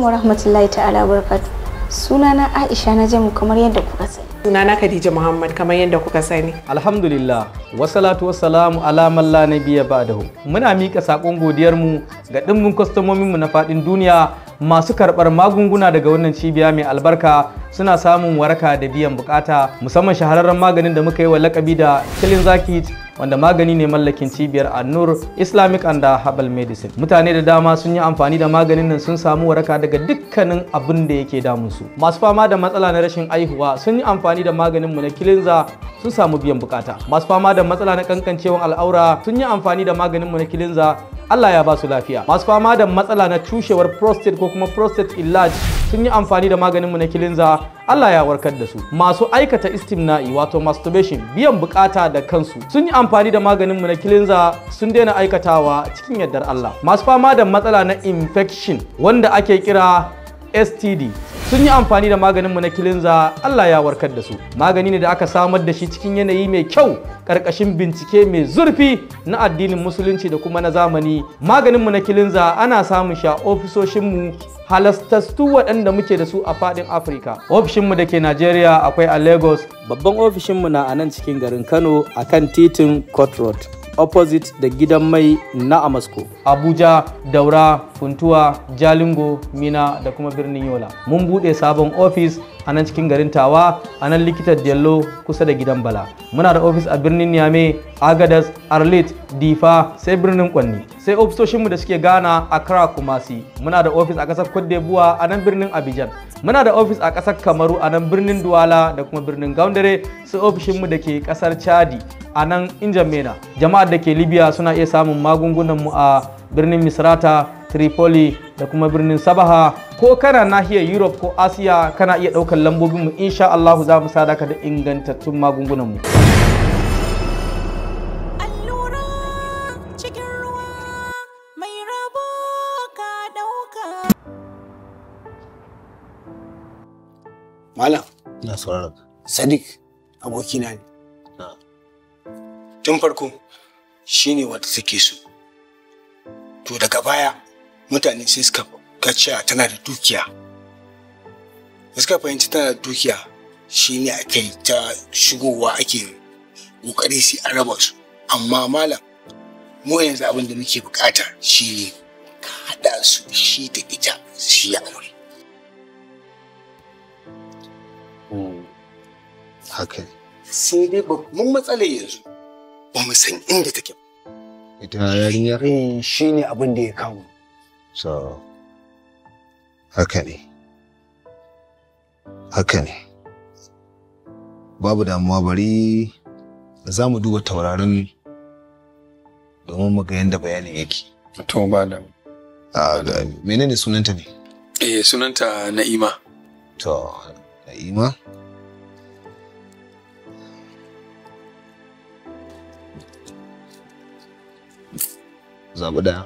alaikum wa ta'ala barkatu. Sunana Aisha na jamu kamar yadda kuka sani. Sunana Khadija Muhammad kamar yadda kuka sani. Alhamdulillah wasalatu wasalamu ala man la nabiyya ba'dahu. Muna mika sakon godiyar mu ga dimbin kwastomomin mu na fadin duniya masu karbar magunguna daga wannan cibiya mai albarka suna samun waraka da biyan bukata musamman shahararren maganin da muka yi wa lakabi da Kilinza zakit wanda magani ne mallakin cibiyar annur islamic and herbal medicine mutane da dama sun yi amfani da maganin nan sun samu waraka daga dukkanin abin da yake damunsu masu fama da matsala na rashin aihuwa sun yi amfani da maganinmu na kilinza sun samu biyan bukata masu fama da matsala na kankancewan al'aura sun yi amfani da maganinmu na kilinza Allah ya ba su lafiya. Masu fama da matsala na cushewar prostate ko kuma prostate enlarge sun yi amfani da maganinmu na kilinza Allah ya warkar da su masu aikata istimna'i wato masturbation biyan bukata da kansu sun yi amfani da maganin mu na kilinza sun daina aikatawa cikin yardar Allah masu fama da matsala na infection wanda ake kira std sun yi amfani da maganinmu na kilinza allah ya warkar da su magani ne da aka samar da shi cikin yanayi mai kyau ƙarƙashin bincike mai zurfi na addinin musulunci da kuma na zamani maganinmu na kilinza ana samun shi a ofisoshinmu halastastu waɗanda muke da su a faɗin afirka ofishinmu da ke najeriya akwai a lagos babban ofishinmu na a nan cikin garin kano akan titin court road opposite da gidan mai na Amasko. Abuja, Daura, Funtuwa, Jalingo, Mina da kuma birnin Yola. Mun buɗe sabon ofis a nan cikin garin tawa a nan likitar dello kusa da gidan bala muna da ofis a birnin niame agadas arlit difa sai birnin kwanni sai ofisoshinmu da suke gana kara kumasi muna da ofis a kasar cote d'ivoire a nan birnin abidjan muna da ofis a ƙasar kamaru a nan birnin duwala da kuma birnin gaundare sai ofishinmu da ke ƙasar chadi a nan injamena jama'ar da ke libya suna iya samun magungunanmu a birnin misrata tripoli da kuma birnin Sabaha ko kana nahiyar Europe ko Asiya kana iya ɗaukar lambobinmu insha Allah za mu sadaka da ingantattun magungunanmu. Malam. Na sauraron. Sadiq abokina ne. Tun farko shi ne wata suke so. To daga baya mutane sai suka ga cewa tana da dukiya da suka fahimci tana da dukiya shine ake ta shigowa ake kokari sai a raba su amma malam mu yanzu abin da muke bukata shi ka kada su shi da ita shi ya aure hmm, haka sai dai babban matsalar yanzu ba mu san inda take ita yarinyar eh, shi ne abin da ya kawo So, haka ne. Haka ne. Babu damuwa bari za mu duba taurarin domin mu ga yadda bayanin yake. To ba da. Menene sunanta ne? Eh sunanta Na'ima. To, Na'ima? Zaɓi ɗaya.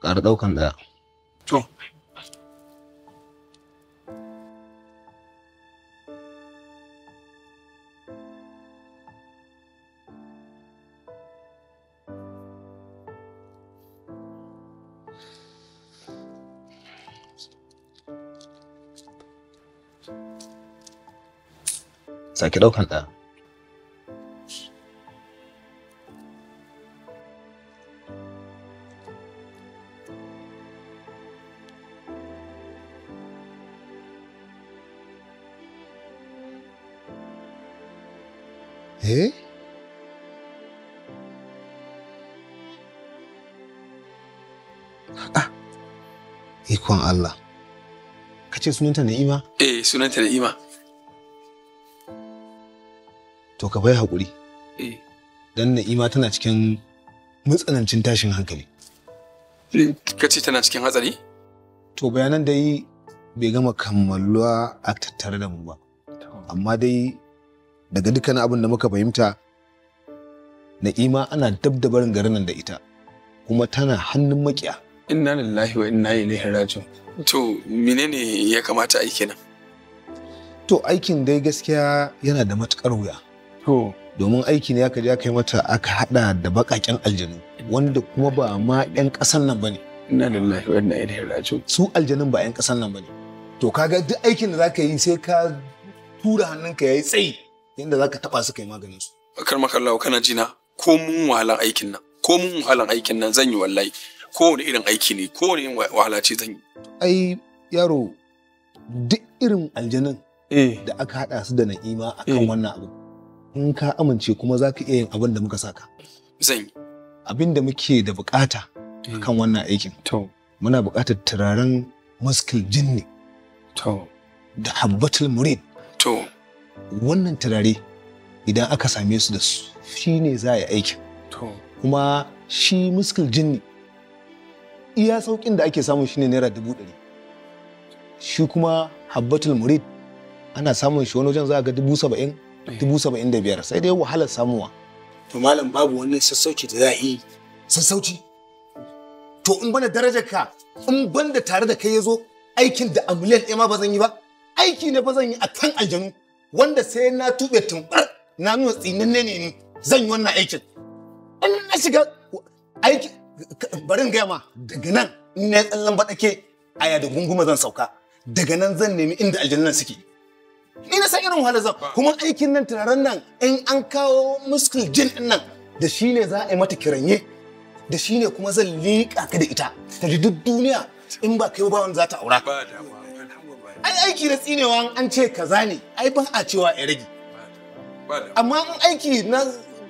体を噛んだよ。お。さあ、けど噛んだ ka ce sunanta na'ima eh sunanta na'ima to ka bai haƙuri eh dan na'ima tana cikin matsanancin tashin hankali ka ce tana cikin hatsari to bayanan dai bai gama kammaluwa a tattare da mu ba amma dai daga dukkan abin da muka fahimta na'ima ana dabdabarin garin nan da ita kuma tana hannun makiya inna lillahi wa inna ilaihi raji'un to menene ya kamata aiki nan to aikin dai gaskiya yana da matukar wuya to domin aiki ne aka je aka yi mata aka hada da baƙaƙen aljanu wanda kuma ba ma yan kasan nan bane inna lillahi wa inna ilaihi raji'un su aljanun ba yan kasan nan bane to kaga duk aikin da zaka yi sai ka tura hannunka yayi tsayi yanda zaka taba su kai maganin su kar makalla kana jina ko mun wahalan aikin nan ko mun wahalan aikin nan zan yi wallahi kowane irin aiki ne kowane irin wahala ce zan yi ai yaro duk irin aljanin eh. da aka haɗa su da na'ima akan eh. wannan abu in ka amince kuma za ka iya yin abin da muka saka zan yi abin da muke da bukata akan eh. wannan aikin muna buƙatar turaren muskil jinni da habbatul murid to wannan turare idan aka same su da su shi ne za a yi aikin kuma shi muskil jinni iya saukin da ake samun shine naira dubu ɗari shi kuma habbatul murid ana samun shi wani wajen za a ga dubu saba'in eh. dubu saba'in da biyar sai dai wahalar samuwa to malam babu wani sassauci da za a yi sassauci to in bana darajar ka in banda tare da kai ya zo aikin da amuliyar ɗaya ma ba zan yi ba aiki ne ba zan yi a kan aljanu wanda sai na tuɓe tumɓar na nuna tsinanne ne ni zan yi wannan aikin in na shiga aiki barin gaya ma daga nan in na tsallan baɗake aya da gunguma zan sauka daga nan zan nemi inda aljannan suke ni na san irin wahalar zan kuma aikin nan turaren nan in an kawo muskul jin din nan da shi ne za a yi mata kiranye da shi ne kuma zan liƙa ka da ita ta ji duk duniya in ba kai ba wani za ta aura ai aiki na tsinewa an ce kaza ne ai ba a cewa ya rage amma aiki na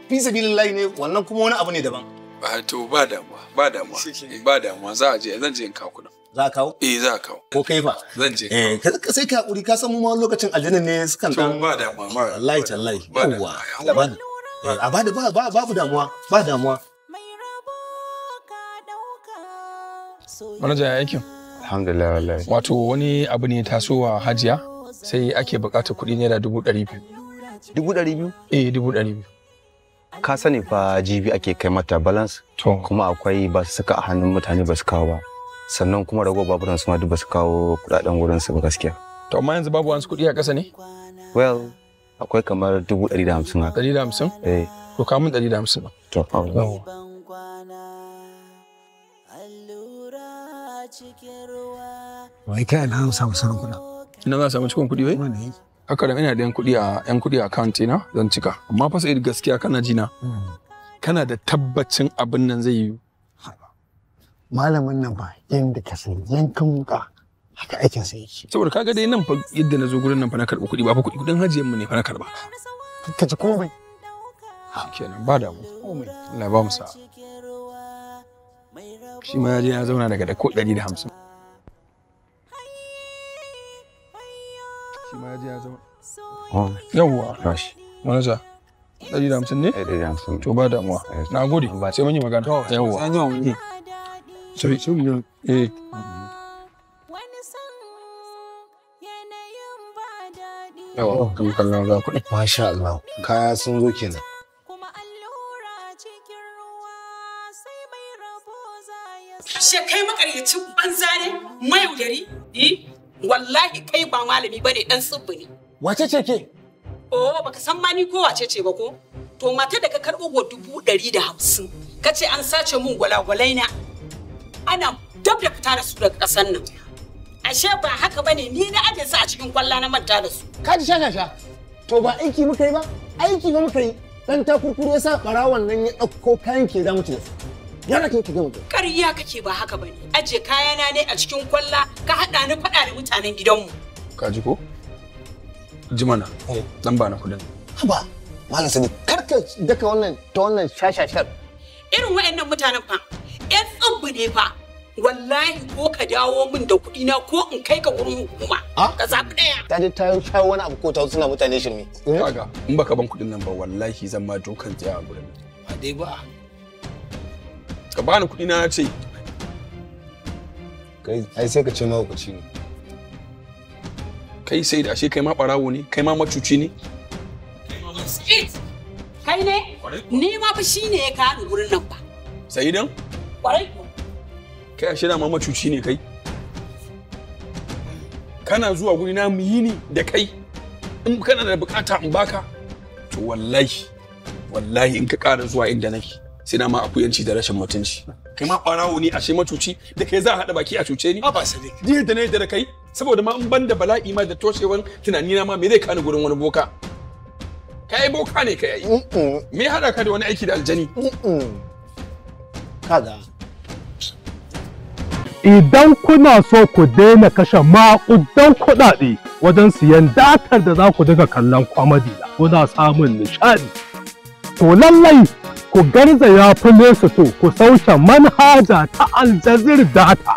fi layi ne wannan kuma wani abu ne daban to ba damuwa ba damuwa eh, ba damuwa za a je zan je in kawo kuɗin za a kawo eh za a kawo ko kai fa zan je eh sai ka hakuri ka san mu ma lokacin aljanna ne sukan dan ba damuwa ma wallahi tallahi yawa eh, a ba da ba babu damuwa ba damuwa Manaja ya aikin? Alhamdulillah wallahi. Wato wani abu ne tasowa hajiya sai ake buƙatar kuɗi naira dubu ɗari biyu. Dubu ɗari biyu? Eh dubu ɗari biyu. ka sani fa jibi ake kai mata balance kuma akwai ba su suka a hannun mutane ba su kawo ba sannan kuma ragowar baburan su ma duk ba su kawo kudaden wurin su ba gaskiya to amma yanzu babu wani kuɗi a ƙasa ne well akwai kamar dubu a da hamsin da hamsin eh to ka mun 150 da hamsin to wai kai na samu sanin ina za a samu cikin kuɗi wai haka da ina da yan kuɗi a yan kudi account na zan cika amma fa sai gaskiya kana jina kana da tabbacin abin nan zai yi malamin nan ba yanda ka san yankan ka haka aikin sai yake saboda kaga dai nan fa yadda na zo gurin nan fa na karbi kuɗi ba fa kuɗi kudin hajiyan mu ne fa na karɓa ka ji komai kenan ba damu komai Allah ba mu sa shi ma ya je ya zauna daga da ko 150 shi ma ya je oh. ɗari da hamsin ne? ɗari da hamsin to ba damuwa na gode ba sai mun yi magana yawwa an jima mun sai sun yi eh kan oh. kallon kuɗi masha Allah kaya sun zo kenan She makaryacin banza ne mai yaudari? Eh? Wallahi kai ba malami bane dan tsibbi ne. Wace ce ke? Oh, baka san ma ni ko wace ce ba ko? To mata da ka karbo go dubu ɗari da hamsin. Ka ce an sace mun gwalagwalai na. Ana dab da fita da su daga ƙasar nan. Ashe ba haka bane ni na aje su a cikin kwalla na manta da su. Ka ji sha sha. To ba aiki muka yi ba? Aiki ba muka yi. Dan ta kurkuru ya sa ɓarawon nan ya ɗauko kayan ke da mutu Yana kin kiga mutum. Ƙarya kake ba haka bane. Aje kayana ne a cikin kwalla ka haɗa ni faɗa da mutanen gidanmu. Ka ji ko? Jimana. Eh. Dan ba na kuɗin. Haba. Malam Sadiq karka daka wannan ta wannan shashashar. Irin waɗannan mutanen fa ƴan tsubbu ne fa. Wallahi ko ka dawo min da kuɗi na ko in kai ka gurin hukuma. Ka zaɓi ɗaya. Ta je ta shawo wani abu ko ta suna mutane shirme. Eh? Kaga in baka ban kuɗin nan ba wallahi zan ma dukan tsaya a gurin. Ba dai ba. ka bani kuɗi na ce kai ai sai ka ce hukuci ne kai sai da ashe kai ma ɓarawo ne kai ma macuci ne kai ne ni ma fa shi ne ya kawo wurin nan ba sai dan kwarai kai ashe da ma macuci ne kai kana zuwa guri na mu yi ni da kai in kana da bukata in baka to wallahi wallahi in ka ƙara zuwa inda nake sai na ma akuyanci da rashin mutunci kai ma ɓarawo ne ashe macuci da kai za a haɗa baki a cuce ni ba sai ni da ne da kai saboda ma in ban da bala'i ma da toshewan tunani na ma me zai kani gurin wani boka kai boka ne kai me haɗa ka da wani aiki da aljani kada idan kuna so ku daina kashe maƙudan kuɗaɗe wajen siyan datar da za ku daga kallon kwamadi na kuna samun nishaɗi to lallai ku garza nesa to ku sauke manhaja ta Aljazeera Data.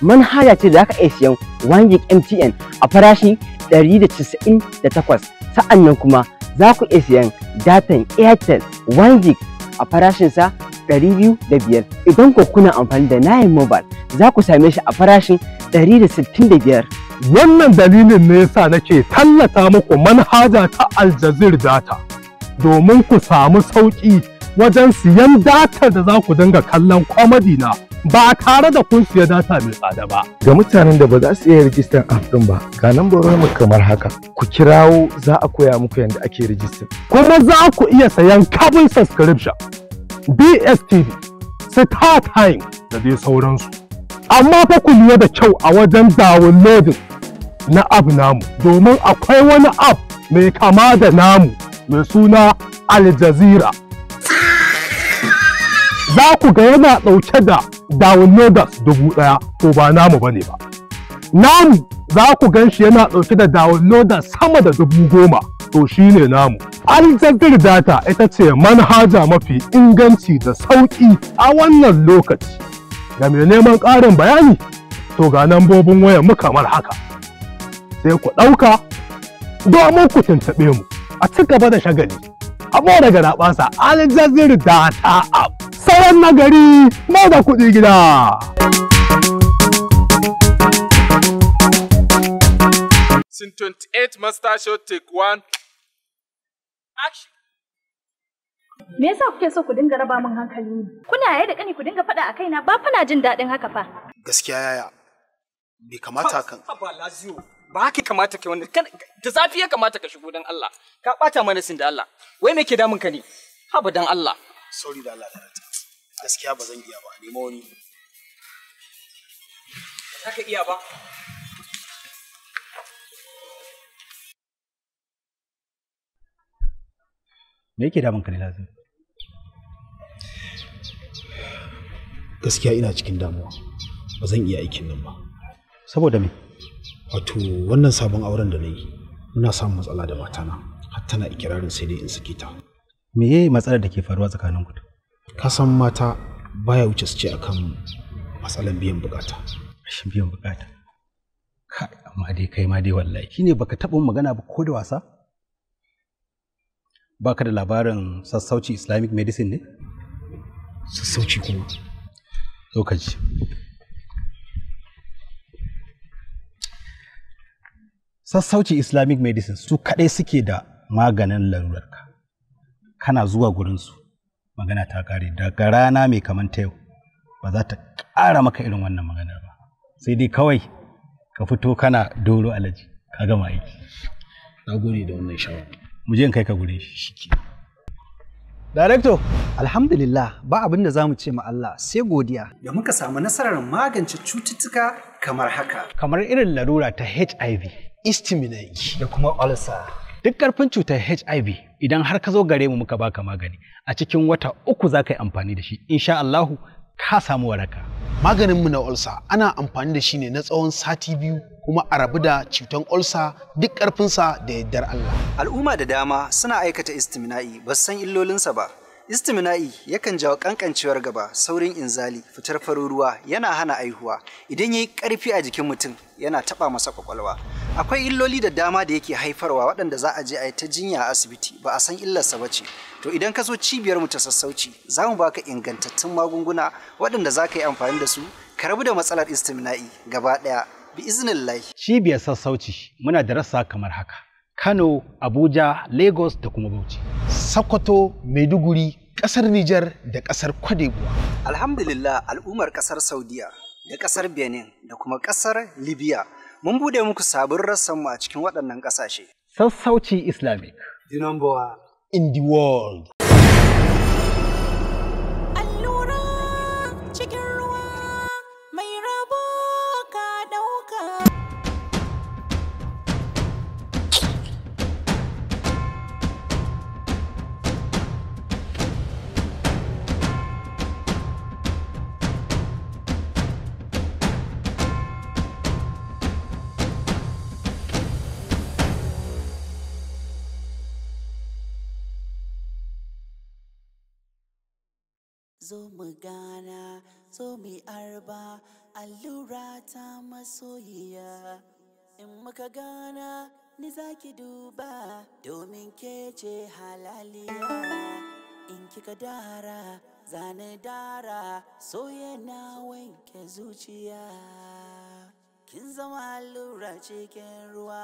Manhaja ce da aka iya siyan 1 MTN a farashi 198 sa'an nan kuma za ku iya siyan datan Airtel 1 gig a farashinsa 205 idan ku kuna amfani da nayin Mobile za ku same shi a farashin 165. Wannan dalilin ne yasa nake tallata muku manhaja ta Aljazeera Data domin ku samu sauƙi wajen siyan data da za ku dinga kallon kwamadi na ba tare da kun siya data mai tsada ba. Ga mutanen da ba za su iya rijistar app ɗin ba, ga nan mu kamar haka. Ku kirawo za a koya muku yadda ake rijistan. Kuma za ku iya sayan kabin subscription, DSTV, Star Time da dai sauransu. Amma fa ku lura da kyau a wajen downloading na app namu domin akwai wani app mai kama da namu mai suna Al Jazeera. za ku ga yana ɗauke da downloaders dubu ɗaya ko ba namu ba ne ba namu za ku gan shi yana ɗauke da downloaders sama da dubu goma to shine namu Aljazeera data ita ce manhaja mafi inganci da sauƙi a wannan lokaci ga mai neman ƙarin bayani to ga bobin wayar mu kamar haka sai ku ɗauka domin ku tuntuɓe mu a ci gaba da shagali amo daga rabansa alexander data ta sauran nagari mai da kuɗi gida Sin 28 Master Show Take 1 Action Me yasa kuke so ku dinga raba min hankali ne? Kuna yaya da kani ku dinga faɗa a kaina ba fa na jin daɗin haka fa. Gaskiya yaya. Bai kamata kan. Ba Lazio. Ba haka kamata kai wannan. Da zafi ya kamata ka shigo dan Allah. Ka bata mana sin da Allah. Wai me ke damun ka ne? Haba dan Allah. Sorry da Allah da Gaskiya ba zan iya ba, nemo wani. Za ka iya ba? Me yake damun ka ne lazim? Gaskiya ina cikin damuwa. Ba zan iya aikin nan ba. Saboda me? Wato wannan sabon auren da na yi, ina samun matsala da matana. tana ikirarin sai dai in saki ta me yayi matsalar da ke faruwa tsakanin ku ka san mata baya wuce su ce akan matsalar biyan bukata rashin biyan bukata kai amma dai kai ma dai wallahi shine baka taɓa magana ba ko da wasa baka da labarin sassauci islamic medicine ne sassauci kuma lokaci sassauci islamic medicine su kaɗai suke da maganin larurarka kana zuwa gurinsu magana ta kare daga rana mai kaman ta yau ba za ta ƙara maka irin wannan maganar ba sai dai kawai ka fito kana doro alaji ka gama aiki na gode da wannan shawar. mu je kai ka gure shi Director, alhamdulillah ba abin da za mu ce ma Allah sai godiya. Da muka samu nasarar magance cututtuka kamar haka. Kamar irin larura ta HIV, istiminai da kuma ulcer. duk karfin cutar HIV idan har ka zo gare mu muka baka magani a cikin wata uku za ka yi amfani da shi insha Allahu ka samu waraka. Maganin mu na olsa ana amfani da shi ne na tsawon sati biyu kuma a rabu da cutar ulsa duk karfinsa da yardar Allah. Al'umma da dama suna aikata istimina'i ba san illolinsa ba. Istimna'i yakan jawo kankancewar gaba, saurin inzali, fitar farin ruwa, yana hana aihuwa. Idan ya yi ƙarfi a jikin mutum, yana taɓa masa kwakwalwa Akwai illoli da dama da yake haifarwa waɗanda za a je a yi ta jinya a asibiti, ba a san illarsa ba ce. To idan ka zo cibiyar mu ta sassauci, za mu baka ingantattun magunguna waɗanda za ka yi amfani da su, ka rabu da matsalar istimina'i gaba ɗaya. Bi iznillahi. Cibiyar sassauci muna da rassa kamar haka. Kano, Abuja, Lagos da kuma Bauchi. Sokoto, Maiduguri, ƙasar Nijar da ƙasar Kwadebuwa. Alhamdulillah al'ummar ƙasar Saudiya da ƙasar Benin da kuma ƙasar Libya mun bude muku sabon rassanmu a cikin waɗannan ƙasashe. Sassauci Islamic. The number one in the world. zo mu gana zo mu arba allura ta masoyiya in muka gana ni zaki duba domin ke ce halaliya in kika dara zane dara so na wanke zuciya kin zama allura cikin ruwa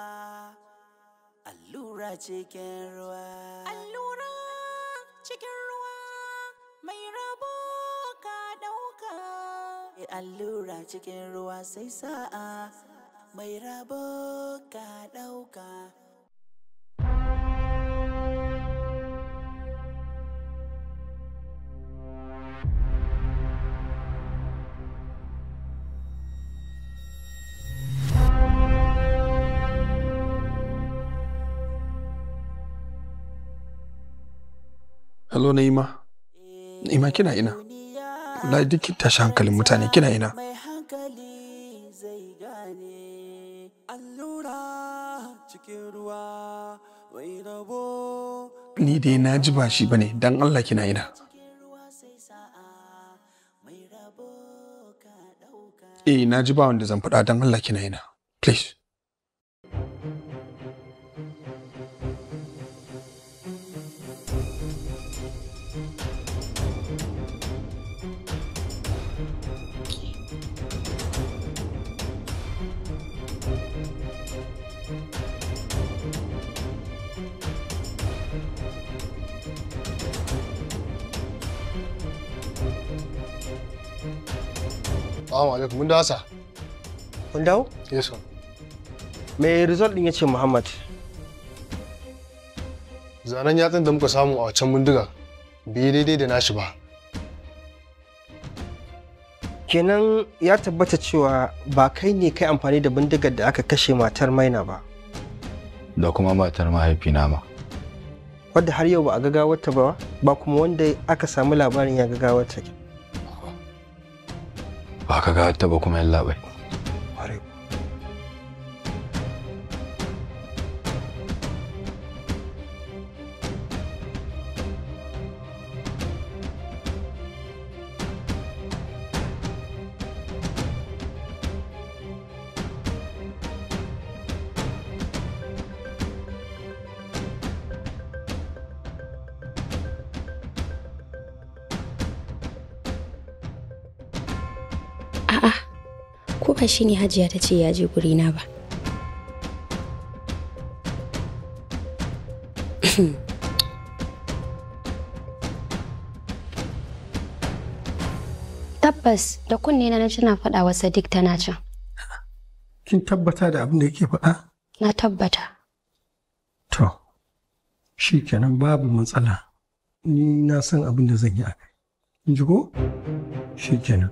allura cikin ruwa allura cikin ruwa mai rabo allura cikin ruwa sai sa'a mai rabo ka ɗauka. Hello Na'ima. Eh, Na'ima kina ina? wallahi duk tashi hankalin mutane kina ina ni dai na ji ba shi bane dan Allah kina ina eh na ji ba wanda zan faɗa dan Allah kina ina please Assalamu alaikum. Mun dawo sa. Mun dawo? Yes sir. Me result din yace Muhammad? Zanen yatsun da muka samu a wancan bindiga bi daidai da nashi ba. Kenan ya tabbata cewa ba kai ne kai amfani da bindigar da aka kashe matar maina ba. Da kuma matar mahaifina ma. Wadda har yau ba a gagawarta ba, ba kuma wanda aka samu labarin ya gagawarta. ba ka ga ta ba kuma yallaɓai ɗauka shi ne hajiya ta ce ya je gurina ba tabbas da kunne na na faɗa wa sadiq tana can kin tabbata da abin da yake faɗa na tabbata to shi kenan babu matsala ni na san abin da zan yi a kai in ko shi kenan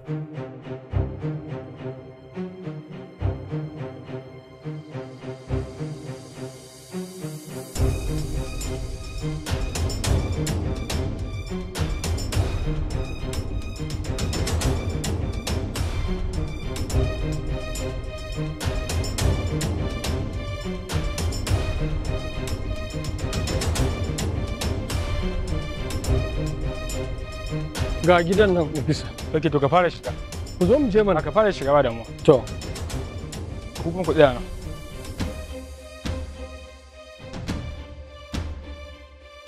Ga gidan nan ofis Kake to ka fara shiga. Ku zo mu je mana. Ka fara shiga ba mu To. Ku kuma ku tsaya nan.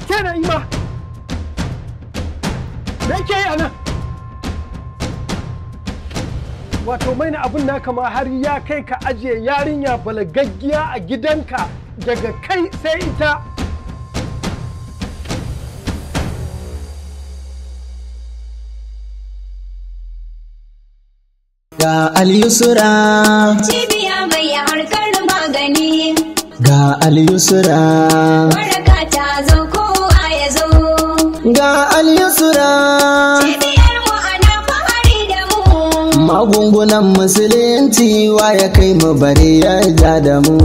Ke ima. Me ke yi a nan? Wato mai na abin naka ma har ya kai ka ajiye yarinya balagaggiya a gidanka daga kai sai ita ga al-yusra cibiya mai harkar magani ga al-yusra waraka ta zo a ya zo ga al-yusra cibiyar mu ana fahari da mu magungunan musulunci wa ya kai mu bare ya ja da mu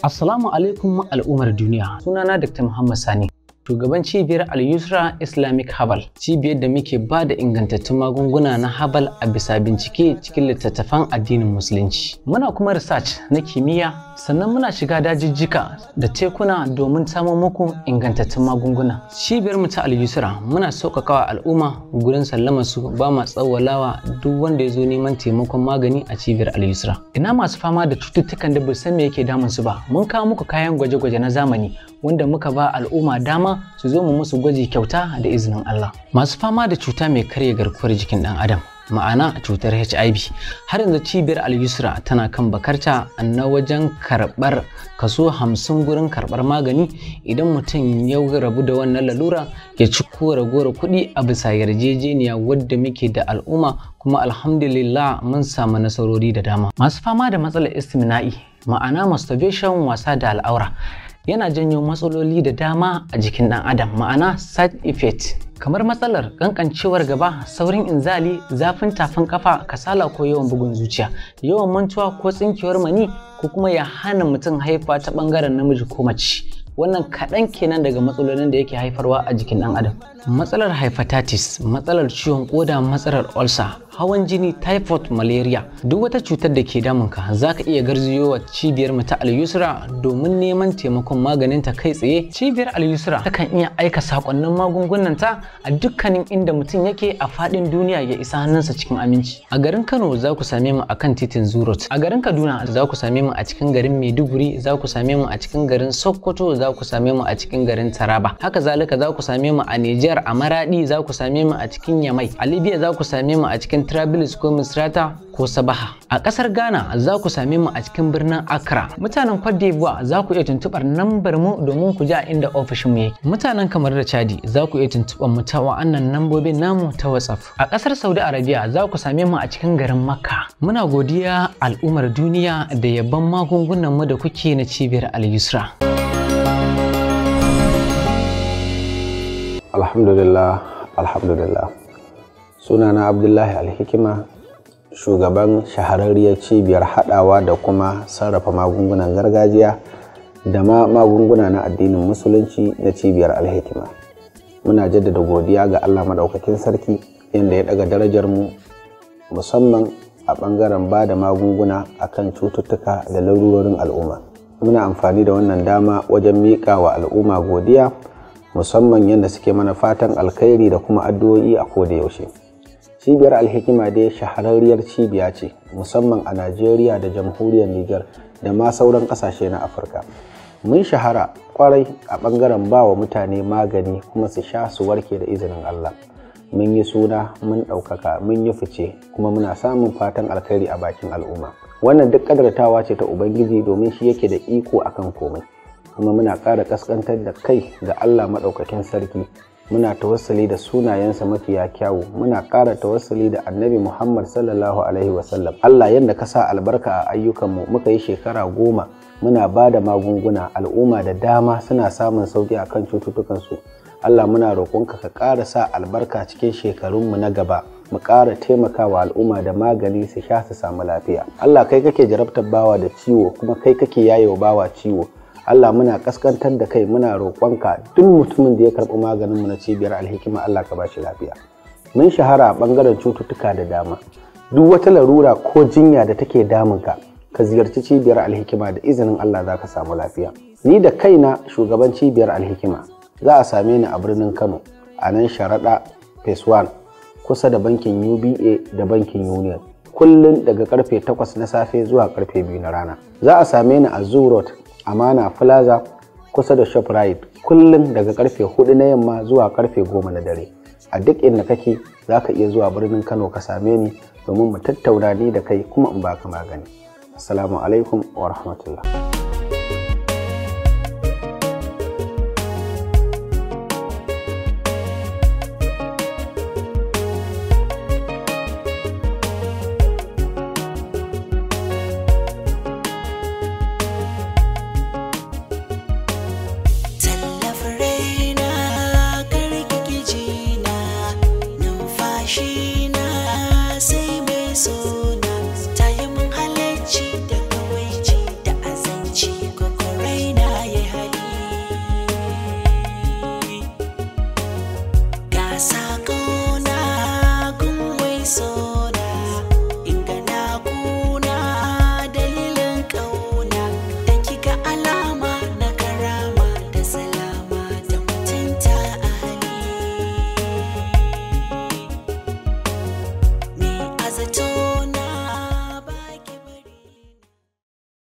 Assalamu alaikum al'ummar duniya sunana Dr. Muhammad Sani shugaban cibiyar al-yusra islamic habal cibiyar da muke ba da ingantattun magunguna na habal a bisa bincike cikin littattafan addinin musulunci muna kuma research na kimiyya sannan muna shiga dajijjika da tekuna domin samo muku ingantattun magunguna cibiyar mu ta al-yusra muna sauƙaƙawa al'umma gurin sallama su ba ma tsawalawa duk wanda ya zo neman taimakon magani a cibiyar al-yusra ina masu fama da cututtukan da bai san me yake damun su ba mun kawo muku kayan gwaje-gwaje na zamani wanda muka ba al'umma dama su zo mu musu gwaji kyauta da izinin Allah. Masu fama da cuta mai karya garkuwar jikin ɗan Adam ma'ana cutar HIV har yanzu cibiyar al-yusra tana kan bakarta na wajen karɓar kaso hamsin gurin karɓar magani idan mutum ya rabu da wannan lalura ya ci ko ragowar kuɗi a bisa yarjejeniya wadda muke da al'umma kuma alhamdulillah mun samu nasarori da dama masu fama da matsalar istimina'i ma'ana masturbation wasa da al'aura yana janyo matsaloli da dama a jikin ɗan adam ma'ana side effect kamar matsalar kankancewar gaba saurin inzali zafin tafin kafa kasala ko yawan bugun zuciya yawan mantuwa ko tsinkewar mani ko kuma ya hana mutum haifa ta ɓangaren namiji ko mace wannan kaɗan kenan daga matsalolin da yake haifarwa a jikin ɗan adam matsalar hepatitis matsalar ciwon koda matsalar ulcer hawan jini typhoid malaria duk wata cutar da ke damun ka za ka iya garziyowa cibiyar mu ta al-yusra domin neman taimakon maganin ta kai tsaye cibiyar al-yusra ta kan iya aika sakonnin magungunan ta a dukkanin inda mutum yake a fadin duniya ya isa hannunsa cikin aminci a garin kano za ku same mu akan titin zurot a garin kaduna za ku same mu a cikin garin maiduguri za ku same mu a cikin garin sokoto za ku same mu a cikin garin taraba haka zalika za ku same mu a nijar a maradi za ku same mu a cikin yamai a libya za ku same mu a cikin Travelers ko Misrata ko Sabaha. A ƙasar Ghana za ku same mu a cikin birnin Accra. Mutanen Cote d'Ivoire za ku iya tuntuɓar nambar mu domin ku ja inda ofishin mu yake. Mutanen kamar da Chadi za ku iya tuntuɓar mu ta wa'annan nambobin namu ta WhatsApp. A ƙasar Saudi Arabia za ku same mu a cikin garin Makka. Muna godiya al'ummar duniya da yabban magungunan mu da kuke na cibiyar Al-Yusra. Alhamdulillah, alhamdulillah. sunana abdullahi alhikima shugaban shahararriyar cibiyar haɗawa da kuma sarrafa magungunan gargajiya da ma magunguna na addinin musulunci na cibiyar alhikima muna jaddada godiya ga allah maɗaukakin sarki yadda ya ɗaga darajar mu musamman a ɓangaren ba da magunguna akan cututtuka da larurorin al'umma muna amfani da wannan dama wajen miƙa wa al'umma godiya musamman yadda suke mana fatan alkhairi da kuma addu'o'i a koda yaushe cibiyar alhikima dai shahararriyar cibiya ce musamman a najeriya da jamhuriyar niger da ma sauran kasashe na afirka mun shahara kwarai a bangaren ba wa mutane magani kuma su sha su warke da izinin allah mun yi suna mun ɗaukaka mun yi fice kuma muna samun fatan alkhairi a bakin al'umma wannan duk kadartawa ce ta ubangiji domin shi yake da iko akan komai kuma muna ƙara ƙasƙantar da kai ga allah maɗaukakin sarki muna tawassali da sunayensa mafiya kyawu muna ƙara tawassali da annabi muhammad sallallahu alaihi wasallam allah yadda ka sa albarka a ayyukanmu muka yi shekara goma muna ba da magunguna al'umma da dama suna samun sauƙi a kan cututtukansu allah muna roƙonka ka ƙara sa albarka cikin shekarunmu na gaba mu ƙara taimakawa al'umma da magani su sha su samu lafiya allah kai kake jarabtar bawa da ciwo kuma kai kake yayewa bawa ciwo Allah muna kaskantar da kai muna roƙonka duk mutumin da ya karɓi maganin mu na cibiyar alhikima Allah ka bashi lafiya mun shahara ɓangaren cututtuka da dama duk wata larura ko jinya da take damun ka ka ziyarci cibiyar alhikima da izinin Allah za ka samu lafiya ni da kaina shugaban cibiyar alhikima za a same ni a birnin Kano a nan sharaɗa phase 1 kusa da bankin UBA da bankin Union kullum daga karfe 8 na safe zuwa karfe 2 na rana za a same ni a Zoo amana plaza kusa da shoprite kullum daga karfe 4 na yamma zuwa karfe 10 na dare a duk inda kake za ka iya zuwa birnin kano ka same ni domin mu tattauna ni da kai kuma in baka magani assalamu alaikum wa rahmatullah